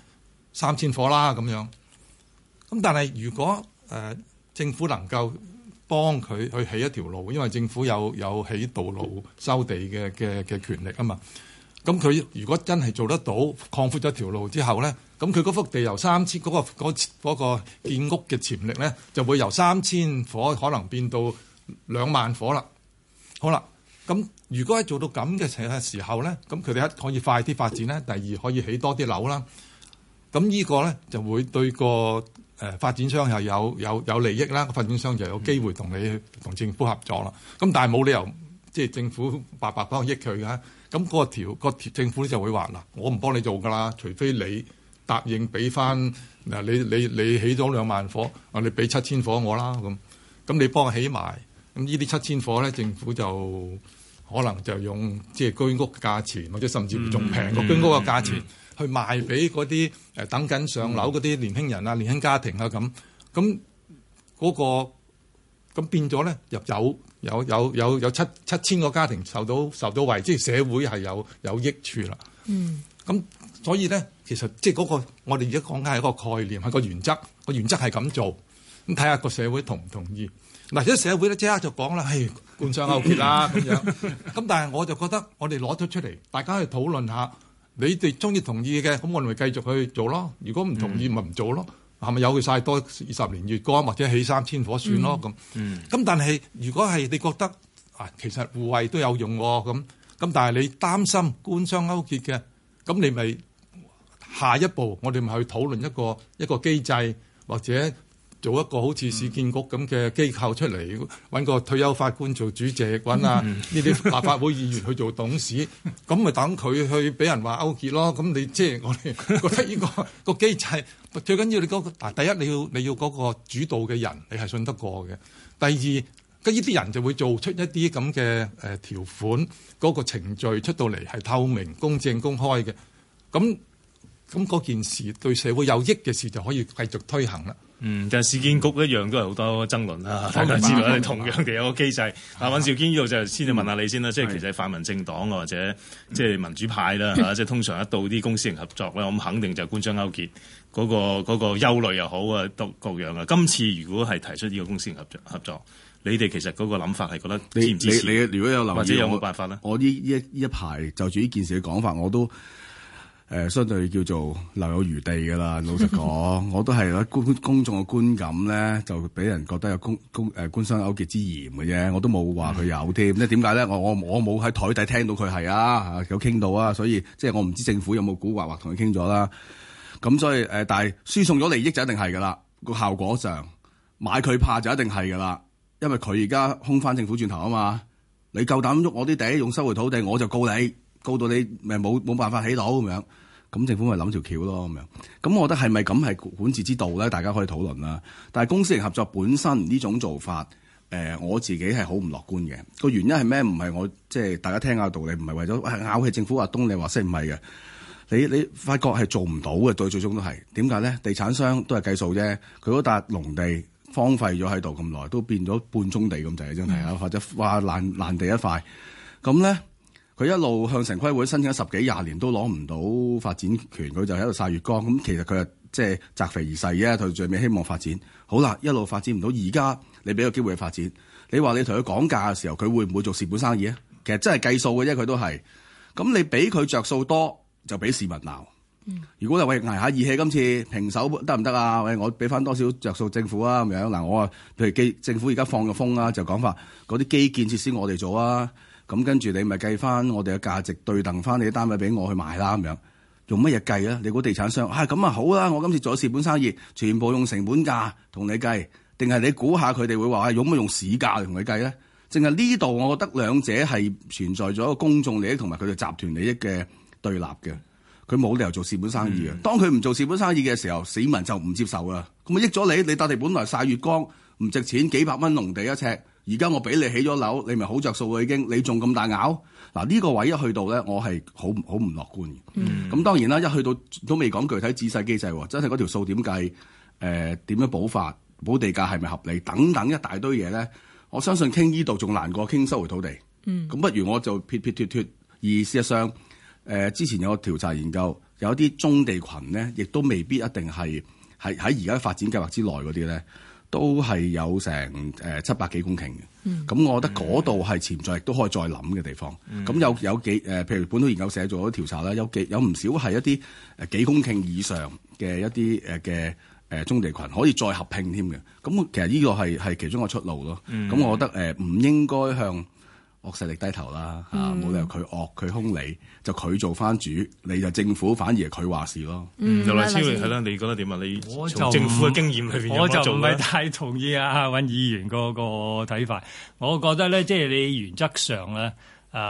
三千伙啦咁樣。咁但係如果、呃、政府能夠幫佢去起一條路，因為政府有有起道路收地嘅嘅嘅權力啊嘛。咁佢如果真係做得到擴闊咗條路之後咧，咁佢嗰幅地由三千嗰個嗰嗰個建屋嘅潛力咧，就會由三千火可能變到兩萬火啦。好啦，咁如果係做到咁嘅時候咧，咁佢哋一可以快啲發展咧，第二可以起多啲樓啦。咁呢個咧，就會對個誒發展商又有有有利益啦，發展商就有機會同你同政府合作啦。咁但係冇理由即係政府白白幫益佢㗎。咁嗰條個條、那個、政府咧就會話嗱，我唔幫你做㗎啦，除非你答應俾翻嗱，你你你起咗兩萬伙，我你俾七千伙我啦，咁咁你幫我起埋，咁呢啲七千伙咧，政府就可能就用即係居屋價錢，或者甚至乎仲平過居屋價錢、嗯、去賣俾嗰啲等緊上樓嗰啲年輕人啊、嗯、年輕家庭啊咁，咁嗰、那個咁變咗咧入有。有有有有七七千個家庭受到受到惠，即係社會係有有益處啦。嗯，咁所以咧，其實即係嗰個我哋而家講緊係一個概念，係個原則，個原則係咁做，咁睇下個社會同唔同意。嗱，而家社會咧即刻就講啦，係冠上勾結啊咁樣。咁但係我就覺得我哋攞咗出嚟，大家去討論下，你哋中意同意嘅，咁我哋咪繼續去做咯。如果唔同意，咪唔做咯。係咪有佢曬多二十年月光，或者起三千火算咯咁？咁但係如果係你覺得啊，其實護衞都有用喎咁。咁但係你擔心官商勾結嘅，咁你咪下一步我哋咪去討論一個一個機制，或者做一個好似市建局咁嘅機構出嚟，揾個退休法官做主席，揾啊呢啲立法會議員去做董事，咁咪等佢去俾人話勾結咯。咁你即係我哋覺得呢個個機制。最緊要你嗰、那個，嗱第一你要你要嗰個主導嘅人，你係信得過嘅。第二，咁呢啲人就會做出一啲咁嘅誒條款，嗰、那個程序出到嚟係透明、公正、公開嘅。咁咁嗰件事對社會有益嘅事，就可以繼續推行啦。嗯，就係、是、市建局一樣，嗯、都係好多爭論啦。大家知道你、嗯、同樣嘅一個機制。阿、嗯、尹兆堅呢度就先至問下你先啦，嗯、即係其實泛民政黨、嗯、或者即係民主派啦、嗯啊，即係通常一到啲公私營合作咧，咁肯定就官商勾結。嗰個嗰個憂慮又好啊，都各樣啊。今次如果係提出呢個公司合作合作，你哋其實嗰個諗法係覺得支唔支持？或者有冇辦法咧？我呢依一排就住呢件事嘅講法，我都誒、呃、相對叫做留有餘地㗎啦。老實講， [laughs] 我都係觀公，公眾嘅觀感咧，就俾人覺得有公公、呃、官商勾結之嫌嘅啫。我都冇話佢有添。即點點解咧？我我我冇喺台底聽到佢係啊，有傾到啊。所以即係我唔知政府有冇古話或同佢傾咗啦。咁所以誒，但係輸送咗利益就一定係噶啦，個效果上買佢怕就一定係噶啦，因為佢而家空翻政府轉頭啊嘛，你夠膽喐我啲地，用收回土地我就告你，告到你咪冇冇辦法起樓咁樣，咁政府咪諗條橋咯咁咁我覺得係咪咁係管治之道咧？大家可以討論啦。但係公私營合作本身呢種做法，誒、呃、我自己係好唔樂觀嘅。個原因係咩？唔係我即係大家聽下道理，唔係為咗拗氣政府話東你話西，唔係嘅。你你發覺係做唔到嘅，對，最終都係點解咧？地產商都係計數啫。佢嗰笪農地荒廢咗喺度咁耐，都變咗半中地咁滯，真係啊，嗯、或者話爛爛地一塊咁咧。佢一路向城規會申請十幾廿年都攞唔到發展權，佢就喺度晒月光。咁其實佢即係擇肥而噬啫，佢最尾希望發展好啦。一路發展唔到，而家你俾個機會去發展，你話你同佢講價嘅時候，佢會唔會做蝕本生意啊？其實真係計數嘅啫，佢都係咁。你俾佢着數多。就俾市民鬧。如果我捱下義氣，今次平手得唔得啊？喂，我俾翻多少着數政府啊？咁樣嗱，我譬如基政府而家放嘅風啊，就講法嗰啲基建設施我哋做啊。咁跟住你咪計翻我哋嘅價值對等翻你嘅單位俾我去買啦。咁樣用乜嘢計啊？你估地產商啊咁啊好啦，我今次做咗蝕本生意，全部用成本價同你計，定係你估下佢哋會話用唔用市價同你計咧？淨係呢度，我覺得兩者係存在咗一個公眾利益同埋佢哋集團利益嘅。對立嘅，佢冇理由做蝕本生意嘅。嗯、當佢唔做蝕本生意嘅時候，市民就唔接受啊。咁咪益咗你？你笪地本來晒月光唔值錢幾百蚊，農地一尺，而家我俾你起咗樓，你咪好着數啊。已經你仲咁大咬嗱，呢個位一去到咧，我係好好唔樂觀嘅。咁、嗯、當然啦，一去到都未講具體仔細機制，真係嗰條數點計？點點樣補法，補地價係咪合理等等一大堆嘢咧。我相信傾依度仲難過傾收回土地。咁、嗯、不如我就撇撇脱脱而事實上。誒、呃、之前有個調查研究，有啲棕地群咧，亦都未必一定係係喺而家發展計劃之內嗰啲咧，都係有成誒、呃、七百幾公頃嘅。咁、嗯、我覺得嗰度係潛在亦都可以再諗嘅地方。咁、嗯、有有幾誒、呃，譬如本土研究社做咗調查啦，有幾有唔少係一啲誒幾公頃以上嘅一啲誒嘅棕地群可以再合併添嘅。咁其實呢個係係其中一個出路咯。咁、嗯、我覺得誒唔、呃、應該向惡勢力低頭啦，冇、啊、理由佢惡佢凶你。就佢做翻主，你就政府反而係佢話事咯。嗯，就、嗯嗯、勵超係啦，你覺得點啊？你的我政府嘅經驗裏面，我就唔係太同意啊。尹議員、那個個睇法，我覺得咧，即、就、係、是、你原則上咧，誒、呃、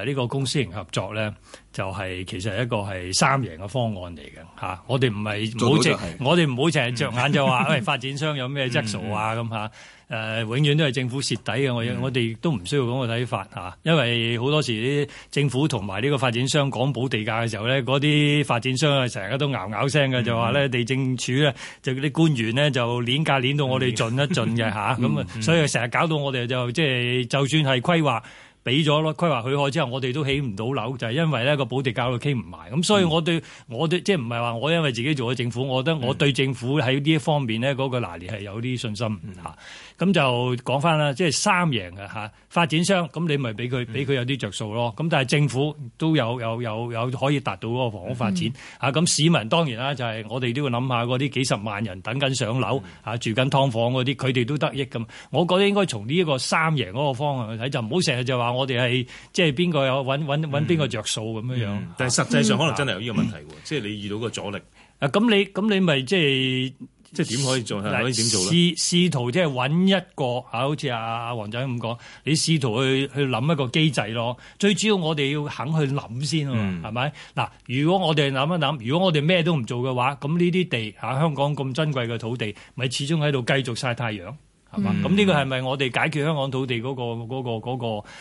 呢、這個公私營合作咧，就係、是、其實是一個係三贏嘅方案嚟嘅吓。我哋唔係冇藉，我哋唔好淨係着眼就話、嗯，喂發展商有咩質素啊咁、嗯嗯嗯誒、呃，永遠都係政府蝕底嘅。嗯、我我哋都唔需要咁嘅睇法、嗯、因為好多時啲政府同埋呢個發展商講補地價嘅時候咧，嗰啲發展商啊，成日都拗咬聲嘅，嗯、就話咧地政署咧、嗯、就啲官員呢，就簾價簾到我哋盡一盡嘅吓，咁、嗯、啊，嗯嗯、所以成日搞到我哋就即係就算係規劃俾咗咯，規劃許可之後，我哋都起唔到樓，就係、是、因為呢個補地價佢傾唔埋。咁所以我對、嗯、我對即係唔係話我因為自己做咗政府，我覺得我對政府喺呢一方面呢嗰個拿捏係有啲信心、啊。咁就講翻啦，即係三贏嘅嚇，發展商咁你咪俾佢俾佢有啲着數咯。咁但係政府都有有有有可以達到嗰個房屋發展嚇。咁、嗯啊、市民當然啦，就係、是、我哋都要諗下嗰啲幾十萬人等緊上樓、嗯啊、住緊劏房嗰啲，佢哋都得益咁。我覺得應該從呢一個三贏嗰個方向去睇，就唔、就是、好成日就話我哋係即係邊個有搵搵搵邊個着數咁樣。但係實際上可能真係有呢個問題喎，嗯、即係你遇到個阻力。啊，咁你咁你咪即係。即係點可以做，試可以點做咧？試試圖即係揾一個吓，好似阿阿黃仔咁講，你試圖去去諗一個機制咯。最主要我哋要肯去諗先啊，係咪？嗱，如果我哋諗一諗，如果我哋咩都唔做嘅話，咁呢啲地吓，香港咁珍貴嘅土地，咪始終喺度繼續晒太陽？係嘛？咁呢個係咪我哋解決香港土地嗰個嗰個嗰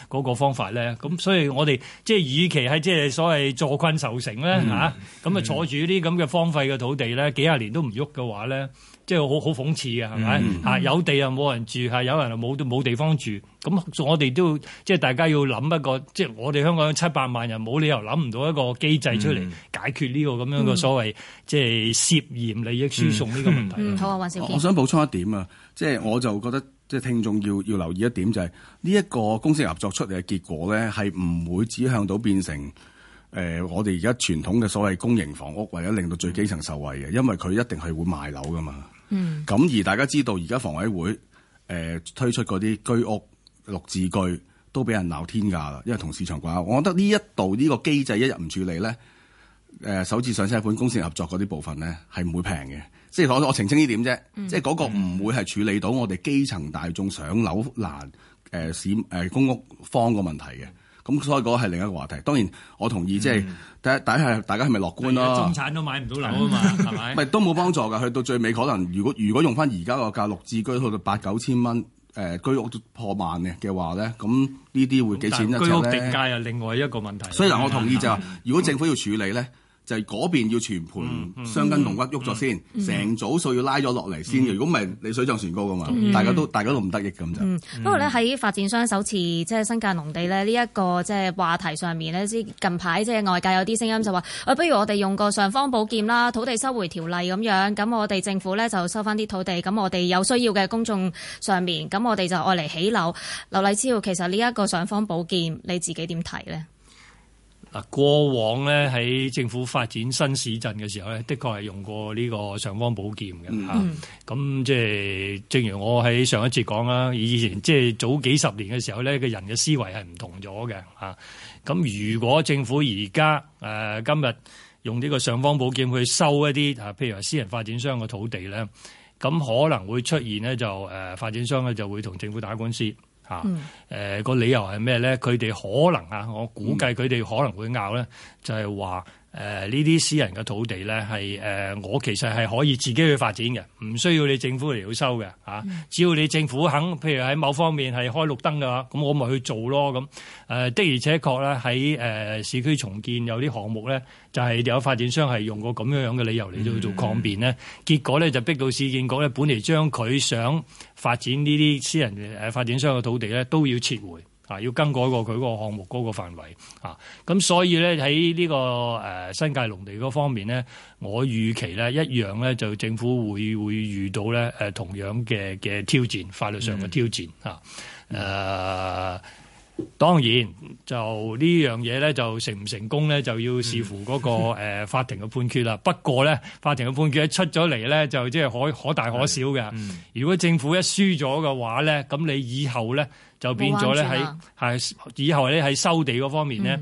個嗰個方法咧？咁所以我哋即係與其係即係所謂坐困愁城咧吓，咁、嗯、啊坐住呢啲咁嘅荒廢嘅土地咧，幾廿年都唔喐嘅話咧。即係好好諷刺嘅，係咪？嗯、有地又冇人住，有人又冇冇地方住。咁我哋都即係大家要諗一個，即係我哋香港有七百萬人，冇理由諗唔到一個機制出嚟解決呢、呢個咁樣嘅所謂即係涉嫌利益輸送呢個問題，嗯嗯我我。我想補充一點啊，即、就、係、是、我就覺得即係、就是、聽眾要要留意一點就係呢一個公私合作出嚟嘅結果咧，係唔會指向到變成、呃、我哋而家傳統嘅所謂公營房屋，或者令到最基層受惠嘅，因為佢一定係會賣樓㗎嘛。嗯，咁而大家知道而家房委會誒、呃、推出嗰啲居屋綠置居都俾人鬧天價啦，因為同市場掛鈎。我覺得呢一度呢個機制一日唔處理咧，誒、呃、首次上車本公私合作嗰啲部分咧係唔會平嘅。即係我我澄清呢點啫，嗯、即係嗰個唔會係處理到我哋基層大眾上樓難誒、呃、市誒、呃、公屋方個問題嘅。咁所以嗰係另一個話題。當然，我同意，即係、嗯、第一，是是第一大家係咪樂觀咯？中產都買唔到樓啊嘛，係咪 [laughs] 吧？咪都冇幫助㗎。去到最尾，可能如果如果用翻而家個價六字居去到八九千蚊，誒、呃、居屋都破萬嘅嘅話咧，咁呢啲會幾錢一尺咧？居屋定價係另外一個問題。所以嗱，我同意就係、是， [laughs] 如果政府要處理咧。就係嗰邊要全盤傷筋動骨喐咗先，成、嗯嗯嗯、組數要拉咗落嚟先，如果唔係，你、嗯、水漲船高噶嘛，嗯、大家都、嗯、大家都唔得益咁就。嗯嗯、不過咧，喺發展商首次即係新界農地咧呢一個即係話題上面呢，近排即係外界有啲聲音就話，嗯、不如我哋用個尚方寶劍啦，土地收回條例咁樣，咁我哋政府呢，就收翻啲土地，咁我哋有需要嘅公眾上面，咁我哋就愛嚟起樓。劉勵超，其實呢一個尚方寶劍，你自己點睇呢？.嗱，過往呢，喺政府發展新市鎮嘅時候呢，的確係用過呢個尚方寶劍嘅嚇。咁、嗯嗯啊、即係正如我喺上一節講啦，以前即係早幾十年嘅時候呢個人嘅思維係唔同咗嘅。咁如果政府而家誒今日用呢個尚方寶劍去收一啲啊，譬如話私人發展商嘅土地咧，咁、啊、可能會出現呢，就、啊、誒發展商咧就會同政府打官司。啊！誒、呃，個理由係咩咧？佢哋可能啊，我估計佢哋可能會拗咧，就係話。誒呢啲私人嘅土地咧，係誒、呃、我其實係可以自己去發展嘅，唔需要你政府嚟到收嘅、啊、只要你政府肯，譬如喺某方面係開綠燈嘅話，咁我咪去做咯。咁、呃、誒的而且確咧，喺誒、呃、市區重建有啲項目咧，就係、是、有發展商係用過咁樣樣嘅理由嚟到做抗辯呢、mm hmm. 結果咧就逼到市建局咧，本嚟將佢想發展呢啲私人誒發展商嘅土地咧，都要撤回。啊，要更改過佢嗰個項目嗰個範圍啊，咁所以咧喺呢在、這個誒、呃、新界農地嗰方面呢，我預期咧一樣呢，就政府會會遇到咧誒、呃、同樣嘅嘅挑戰，法律上嘅挑戰、嗯、啊誒，嗯、當然就呢樣嘢呢，就成唔成功呢，就要視乎嗰、那個、嗯呃、法庭嘅判決啦。不過呢，法庭嘅判決一出咗嚟呢，就即係可可大可小嘅。嗯、如果政府一輸咗嘅話呢，咁你以後呢。就變咗咧，喺係以後咧喺收地嗰方面咧，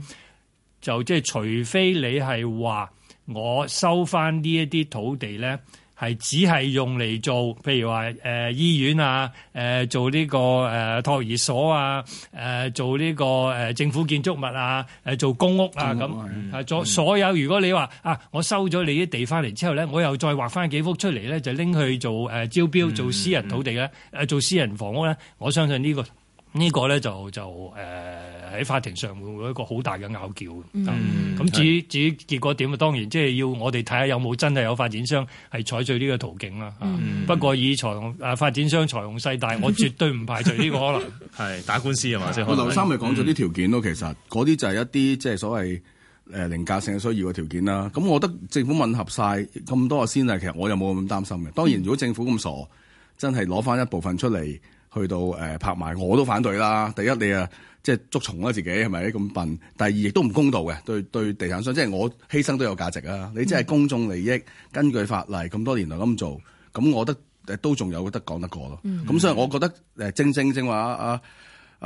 就即係除非你係話我收翻呢一啲土地咧，係只係用嚟做，譬如話誒、呃、醫院啊，誒、呃、做呢、這個誒托兒所啊，誒、呃、做呢、這個誒、呃、政府建築物啊，誒做公屋啊咁啊。做所有如果你話啊，我收咗你啲地翻嚟之後咧，我又再劃翻幾幅出嚟咧，就拎去做誒、呃、招標，做私人土地咧，誒、嗯呃、做私人房屋咧，我相信呢、這個。呢個咧就就誒喺、呃、法庭上會會一個好大嘅拗撬咁至於至於結果點啊？當然即係要我哋睇下有冇真係有發展商係採取呢個途徑啦、嗯啊。不過以財、啊、發展商財雄勢大，我絕對唔排除呢個可能。係 [laughs] 打官司啊嘛，即劉生咪講咗啲條件咯，其實嗰啲就係一啲即係所謂誒凌駕性嘅需要嘅條件啦。咁我覺得政府吻合晒咁多嘅先例其實我又冇咁擔心嘅。當然，如果政府咁傻，真係攞翻一部分出嚟。去到誒拍賣我都反對啦。第一，你啊即係捉蟲啦自己係咪咁笨？第二，亦都唔公道嘅對對地產商，即係我犧牲都有價值啊！嗯、你即係公眾利益，根據法例咁多年來咁做，咁我覺得都仲有得講得過咯。咁所以，我覺得,得,、嗯、我覺得正正正話啊。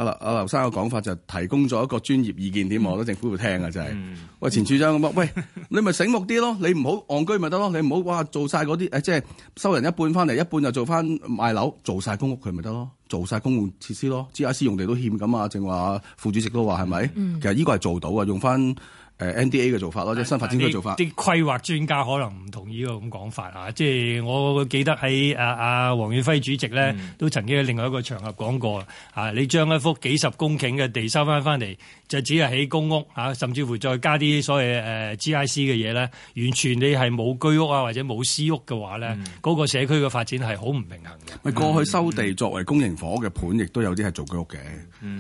阿阿劉生嘅講法就提供咗一個專業意見點，嗯、我覺得政府要聽啊！真、就、係、是，嗯、喂、嗯、前處長咁啊，喂 [laughs] 你咪醒目啲咯，你唔好戇居咪得咯，你唔好哇做晒嗰啲誒，即、呃、係、就是、收人一半翻嚟，一半就做翻賣樓，做晒公屋佢咪得咯，做晒公共設施咯，GIC 用地都欠咁啊，正話副主席都話係咪？是是嗯、其實依個係做到啊，用翻。誒 NDA 嘅做法咯，即係新發展區嘅做法。啲規劃專家可能唔同意這個咁講法啊！即係我記得喺阿阿黃遠輝主席咧，嗯、都曾經喺另外一個場合講過啊！你將一幅幾十公頃嘅地收翻翻嚟，就只係起公屋啊，甚至乎再加啲所謂誒、呃、GIC 嘅嘢咧，完全你係冇居屋啊，或者冇私屋嘅話咧，嗰、嗯、個社區嘅發展係好唔平衡嘅。咪、嗯嗯、過去收地作為公營房屋嘅盤，亦都有啲係做居屋嘅。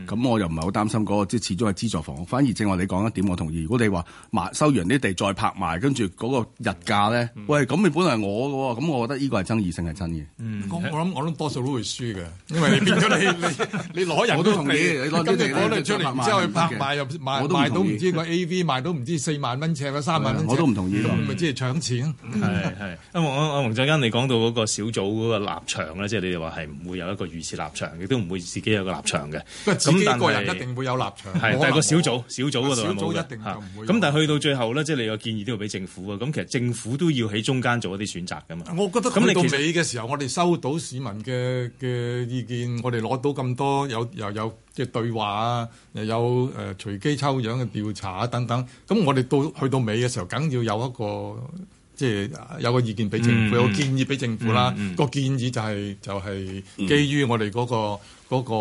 咁、嗯、我又唔係好擔心嗰、那個，即係始終係資助房屋。反而正話你講一點，我同意。如果你話收完啲地再拍賣，跟住嗰個日價咧，喂咁你本嚟係我嘅，咁我覺得呢個係爭議性係真嘅。我我諗我多數都會輸嘅，因為你變咗你你你攞人都唔同嘅，你攞啲攞嚟出嚟之後去拍賣又賣到唔知個 A V 賣到唔知四萬蚊尺啦，三萬蚊我都唔同意，咪即係搶錢。係係，因為我我黃澤恩你講到嗰個小組嗰個立場咧，即係你哋話係唔會有一個預設立場，亦都唔會自己有個立場嘅。咁但個人一定會有立場，係但係個小組小組嗰度冇。咁但係去到最後咧，即係你個建議都要俾政府啊。咁其實政府都要喺中間做一啲選擇㗎嘛。咁你到尾嘅時候，我哋收到市民嘅嘅意見，我哋攞到咁多有又有即係對話啊，又有誒隨機抽樣嘅調查啊等等。咁我哋到去到尾嘅時候，梗要有一個即係、即係、有個意見俾政府，嗯、有個建議俾政府啦。個建議、嗯、建議就係就係基於我哋嗰個、嗰個、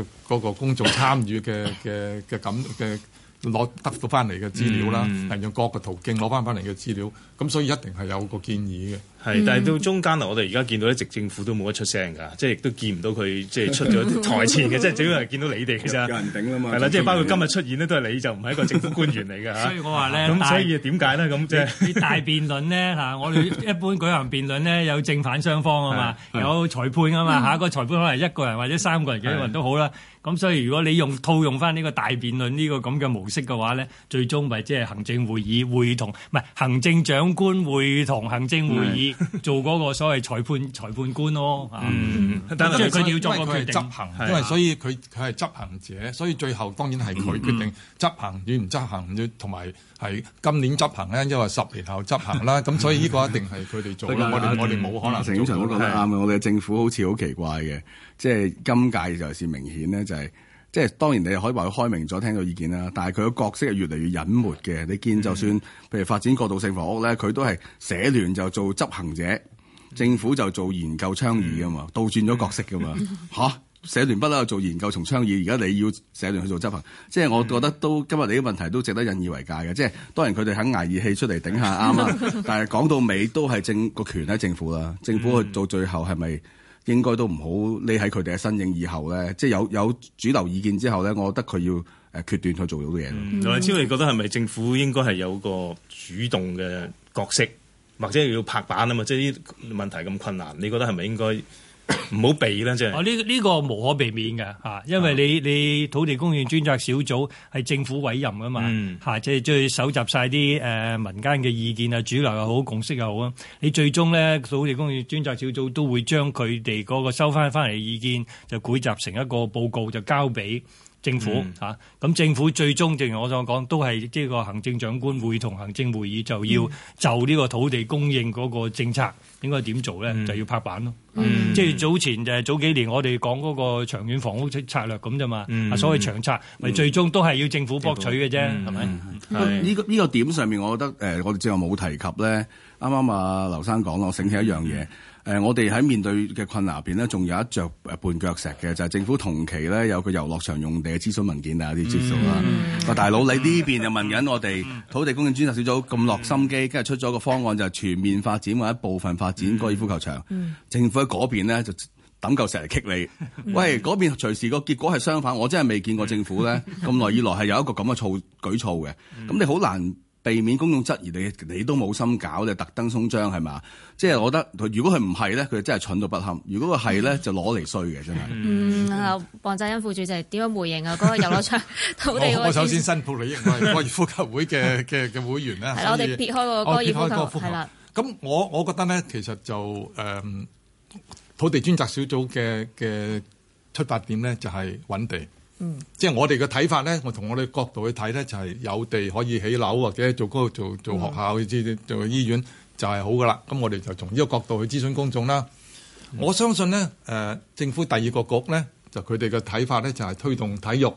嗯、嗰個公眾參與嘅嘅嘅感嘅。攞得到翻嚟嘅資料啦，係用、嗯、各個途徑攞翻翻嚟嘅資料，咁所以一定係有個建議嘅。係，但係到中間我哋而家見到咧，直政府都冇得出聲㗎，即係都見唔到佢即係出咗台前嘅，即係主要係見到你哋嘅啫。有人頂啦嘛，係啦，即係包括今日出現呢，都係你就唔係一個政府官員嚟㗎。所以我話咧，咁所以點解咧？咁即係啲大辯論咧，我哋一般舉行辯論咧，有正反雙方啊嘛，有裁判啊嘛，下個裁判可能一個人或者三個人、幾個人都好啦。咁所以如果你用套用翻呢個大辯論呢個咁嘅模式嘅話咧，最終咪即係行政會議會同唔係行政長官會同行政會議。 [laughs] 做嗰個所謂裁判裁判官咯，嗯、但係佢要作個決定執行，因為所以佢佢係執行者，所以最後當然係佢決定執行與唔執行，要同埋係今年執行咧，因為十年後執行啦，咁、嗯、所以呢個一定係佢哋做啦。我哋我哋冇可能。成場都覺得啱，啊、我哋政府好似好奇怪嘅，即、就、係、是、今屆就是明顯咧、就是，就係。即係當然你又可以話佢開明咗聽到意見啦，但係佢個角色係越嚟越隱瞞嘅。你見就算、mm hmm. 譬如發展過渡性房屋咧，佢都係社聯就做執行者，政府就做研究倡議噶嘛，倒轉咗角色噶嘛嚇、mm hmm. 啊。社聯不嬲做研究從倡議，而家你要社聯去做執行，mm hmm. 即係我覺得都今日你啲問題都值得引以為戒嘅。即係當然佢哋肯捱義氣出嚟頂下啱啊， [laughs] 但係講到尾都係政個權喺政府啦，政府去到最後係咪、mm？Hmm. 應該都唔好匿喺佢哋嘅身影以後咧，即係有有主流意見之後咧，我覺得佢要誒決斷去做到嘅嘢。劉勵超，嗯、你覺得係咪政府應該係有個主動嘅角色，或者要拍板啊嘛？即係啲問題咁困難，你覺得係咪應該？唔好 [laughs] 避啦，即係哦、呢、這、呢個、這個、無可避免嘅吓、啊，因為你你土地供應專責小組係政府委任㗎嘛，吓即係即係搜集晒啲誒民間嘅意見啊，主流又好，共識又好啊，你最終咧土地供應專責小組都會將佢哋嗰個收翻翻嚟嘅意見就匯集成一個報告，就交俾。政府嚇，咁、嗯啊、政府最終正如我想講，都係即係個行政長官會同行政會議就要就呢個土地供應嗰個政策應該點做咧，嗯、就要拍板咯。嗯、即係早前就係早幾年我哋講嗰個長遠房屋策略咁啫嘛，嗯、所謂長策，咪、嗯、最終都係要政府博取嘅啫，係咪？呢、嗯是這個呢、這個點上面，我覺得誒，我哋之後冇提及咧。啱啱啊，劉生講，我醒起一樣嘢。誒、呃，我哋喺面對嘅困難入面咧，仲有一隻絆腳石嘅，就係、是、政府同期咧有個遊樂場用地嘅諮詢文件啊啲資料啦。啊、嗯，大佬，你呢邊就問緊我哋土地供應專責小組咁落心機，跟住、嗯、出咗個方案就係、全面發展或者部分發展高爾夫球場。嗯嗯、政府喺嗰邊咧就揼嚿石嚟棘你。嗯、喂，嗰邊隨時個結果係相反，我真係未見過政府咧咁耐以來係有一個咁嘅措舉措嘅。咁、嗯、你好難。避免公眾質疑你，你都冇心搞，你特登鬆章係嘛？即係我覺得，如果佢唔係咧，佢真係蠢到不堪；如果佢係咧，就攞嚟衰嘅真係。嗯，黃澤恩副主席點樣回應啊？嗰、那個遊樂場 [laughs] 土地我，我首先申報你係哥爾夫球會嘅嘅嘅會員啦。係啦 [laughs] 以、啊，我哋撇開嗰個哥爾夫球。係啦、啊。咁、那、我、個、我覺得咧，其實就誒、嗯、土地專責小組嘅嘅出發點咧，就係揾地。嗯，即係我哋嘅睇法咧，我從我哋角度去睇咧，就係、是、有地可以起樓或者做嗰個做做學校之類做醫院、嗯、就係好噶啦。咁我哋就從呢個角度去諮詢公眾啦。嗯、我相信呢，誒、呃、政府第二個局咧，就佢哋嘅睇法咧，就係、是、推動體育。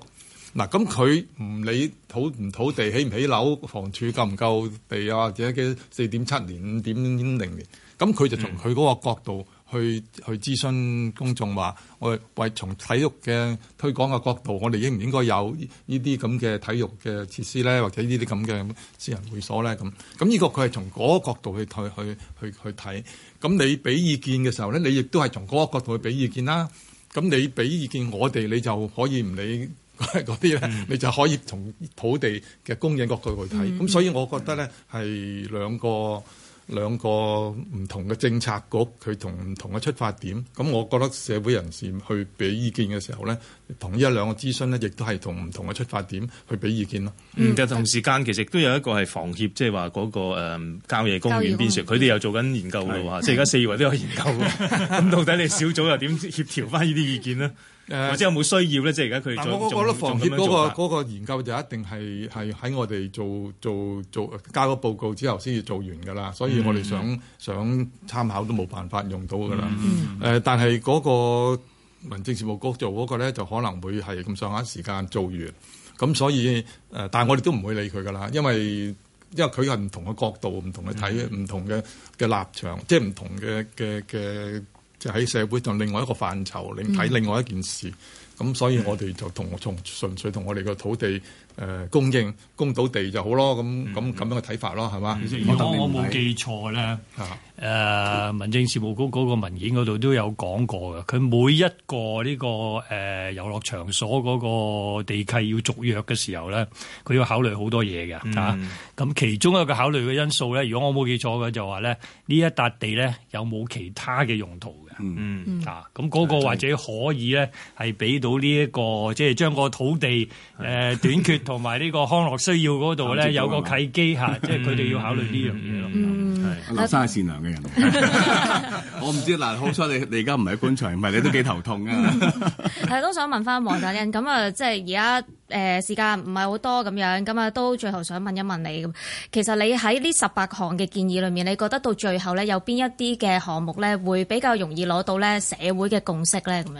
嗱、啊，咁佢唔理土唔土地起唔起樓，房署夠唔夠地啊或者嘅四點七年五點零年，咁佢就從佢嗰個角度。嗯去去諮詢公眾話，我哋為從體育嘅推廣嘅角度，我哋應唔應該有呢啲咁嘅體育嘅設施咧，或者呢啲咁嘅私人會所咧？咁咁呢個佢係從嗰個角度去去去去睇。咁你俾意見嘅時候咧，你亦都係從嗰個角度去俾意見啦。咁你俾意見我，我哋你就可以唔理嗰啲咧，嗯、你就可以從土地嘅供應角度去睇。咁、嗯、所以我覺得咧係兩個。兩個唔同嘅政策局，佢同唔同嘅出發點。咁我覺得社會人士去俾意見嘅時候咧，同一兩個諮詢咧，亦都係同唔同嘅出發點去俾意見咯。嗯，其、嗯、同時間對其實都有一個係房協，即係話嗰個郊、呃、野公園易邊樹署，佢哋又做緊研究㗎嘛。即係而家四圍都有研究，咁對 [laughs] 到底你小組又點協調翻呢啲意見呢？或者有冇需要咧？呃、即係而家佢。但係我我覺得房協嗰個嗰個研究就一定係係喺我哋做做做交個報告之後先至做完㗎啦，所以我哋想嗯嗯想參考都冇辦法用到㗎啦、嗯嗯呃。但係嗰個民政事務局做嗰個咧，就可能會係咁上下時間做完，咁所以、呃、但係我哋都唔會理佢㗎啦，因為因為佢係唔同嘅角度、唔同嘅睇、唔、嗯、同嘅嘅立場，即係唔同嘅嘅嘅。就喺社會同另外一個範疇，你睇另外一件事咁，嗯、所以我哋就同從純粹同我哋個土地誒供應供到地就好咯。咁咁咁樣嘅睇法咯，係嘛、嗯？嗎如果我冇記錯咧，誒是、啊、民政事務局嗰個文件嗰度都有講過嘅。佢每一個呢個誒遊樂場所嗰個地契要續約嘅時候咧，佢要考慮好多嘢嘅嚇。咁、嗯啊、其中一個考慮嘅因素咧，如果我冇記錯嘅，就話咧呢一笪地咧有冇其他嘅用途？嗯，嗯啊，咁嗰個或者可以咧、這個，係俾到呢一個，即係將個土地誒短缺同埋呢個康樂需要嗰度咧，有個契機吓，即係佢哋要考慮呢樣嘢咯。嗯嗯嗯劉生係善良嘅人， [laughs] 我唔知嗱，好彩你你而家唔係喺官場，唔係你都幾頭痛啊。係都想問翻黃澤恩，咁啊，即係而家誒時間唔係好多咁樣，咁啊都最後想問一問你，咁其實你喺呢十八項嘅建議裏面，你覺得到最後呢有邊一啲嘅項目呢會比較容易攞到呢社會嘅共識咧？咁樣，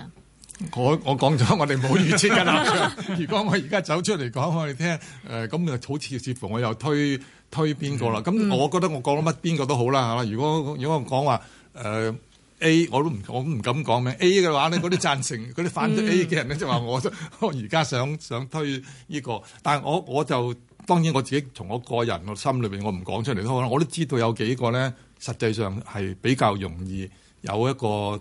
我我講咗，我哋冇預設噶啦。 [laughs] 如果我而家走出嚟講，我哋聽誒，咁、呃、好似似乎我又推。推邊個啦？咁我覺得我講到乜邊個都好啦嚇、嗯。如果如果我講話誒 A，我都唔我唔敢講咩 A 嘅話咧，嗰啲贊成嗰啲反對 A 嘅人咧、嗯、就話我我而家想想推呢、呢個，但係我我就當然我自己從我個人個心裏邊，我唔講出嚟都好咯。我都知道有幾個咧，實際上係比較容易有一個。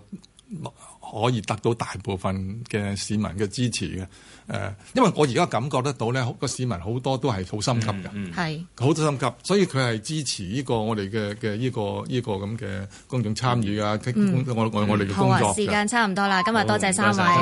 可以得到大部分嘅市民嘅支持嘅，誒、呃、因為我而家感覺得到咧，個市民好多都係好心急嘅，係好、嗯嗯、心急，所以佢係支持呢個我哋嘅嘅呢個呢、呢個咁嘅、呢個、公眾參與啊，我我哋嘅、嗯、工作。好，時間差唔多啦，今日多謝三位。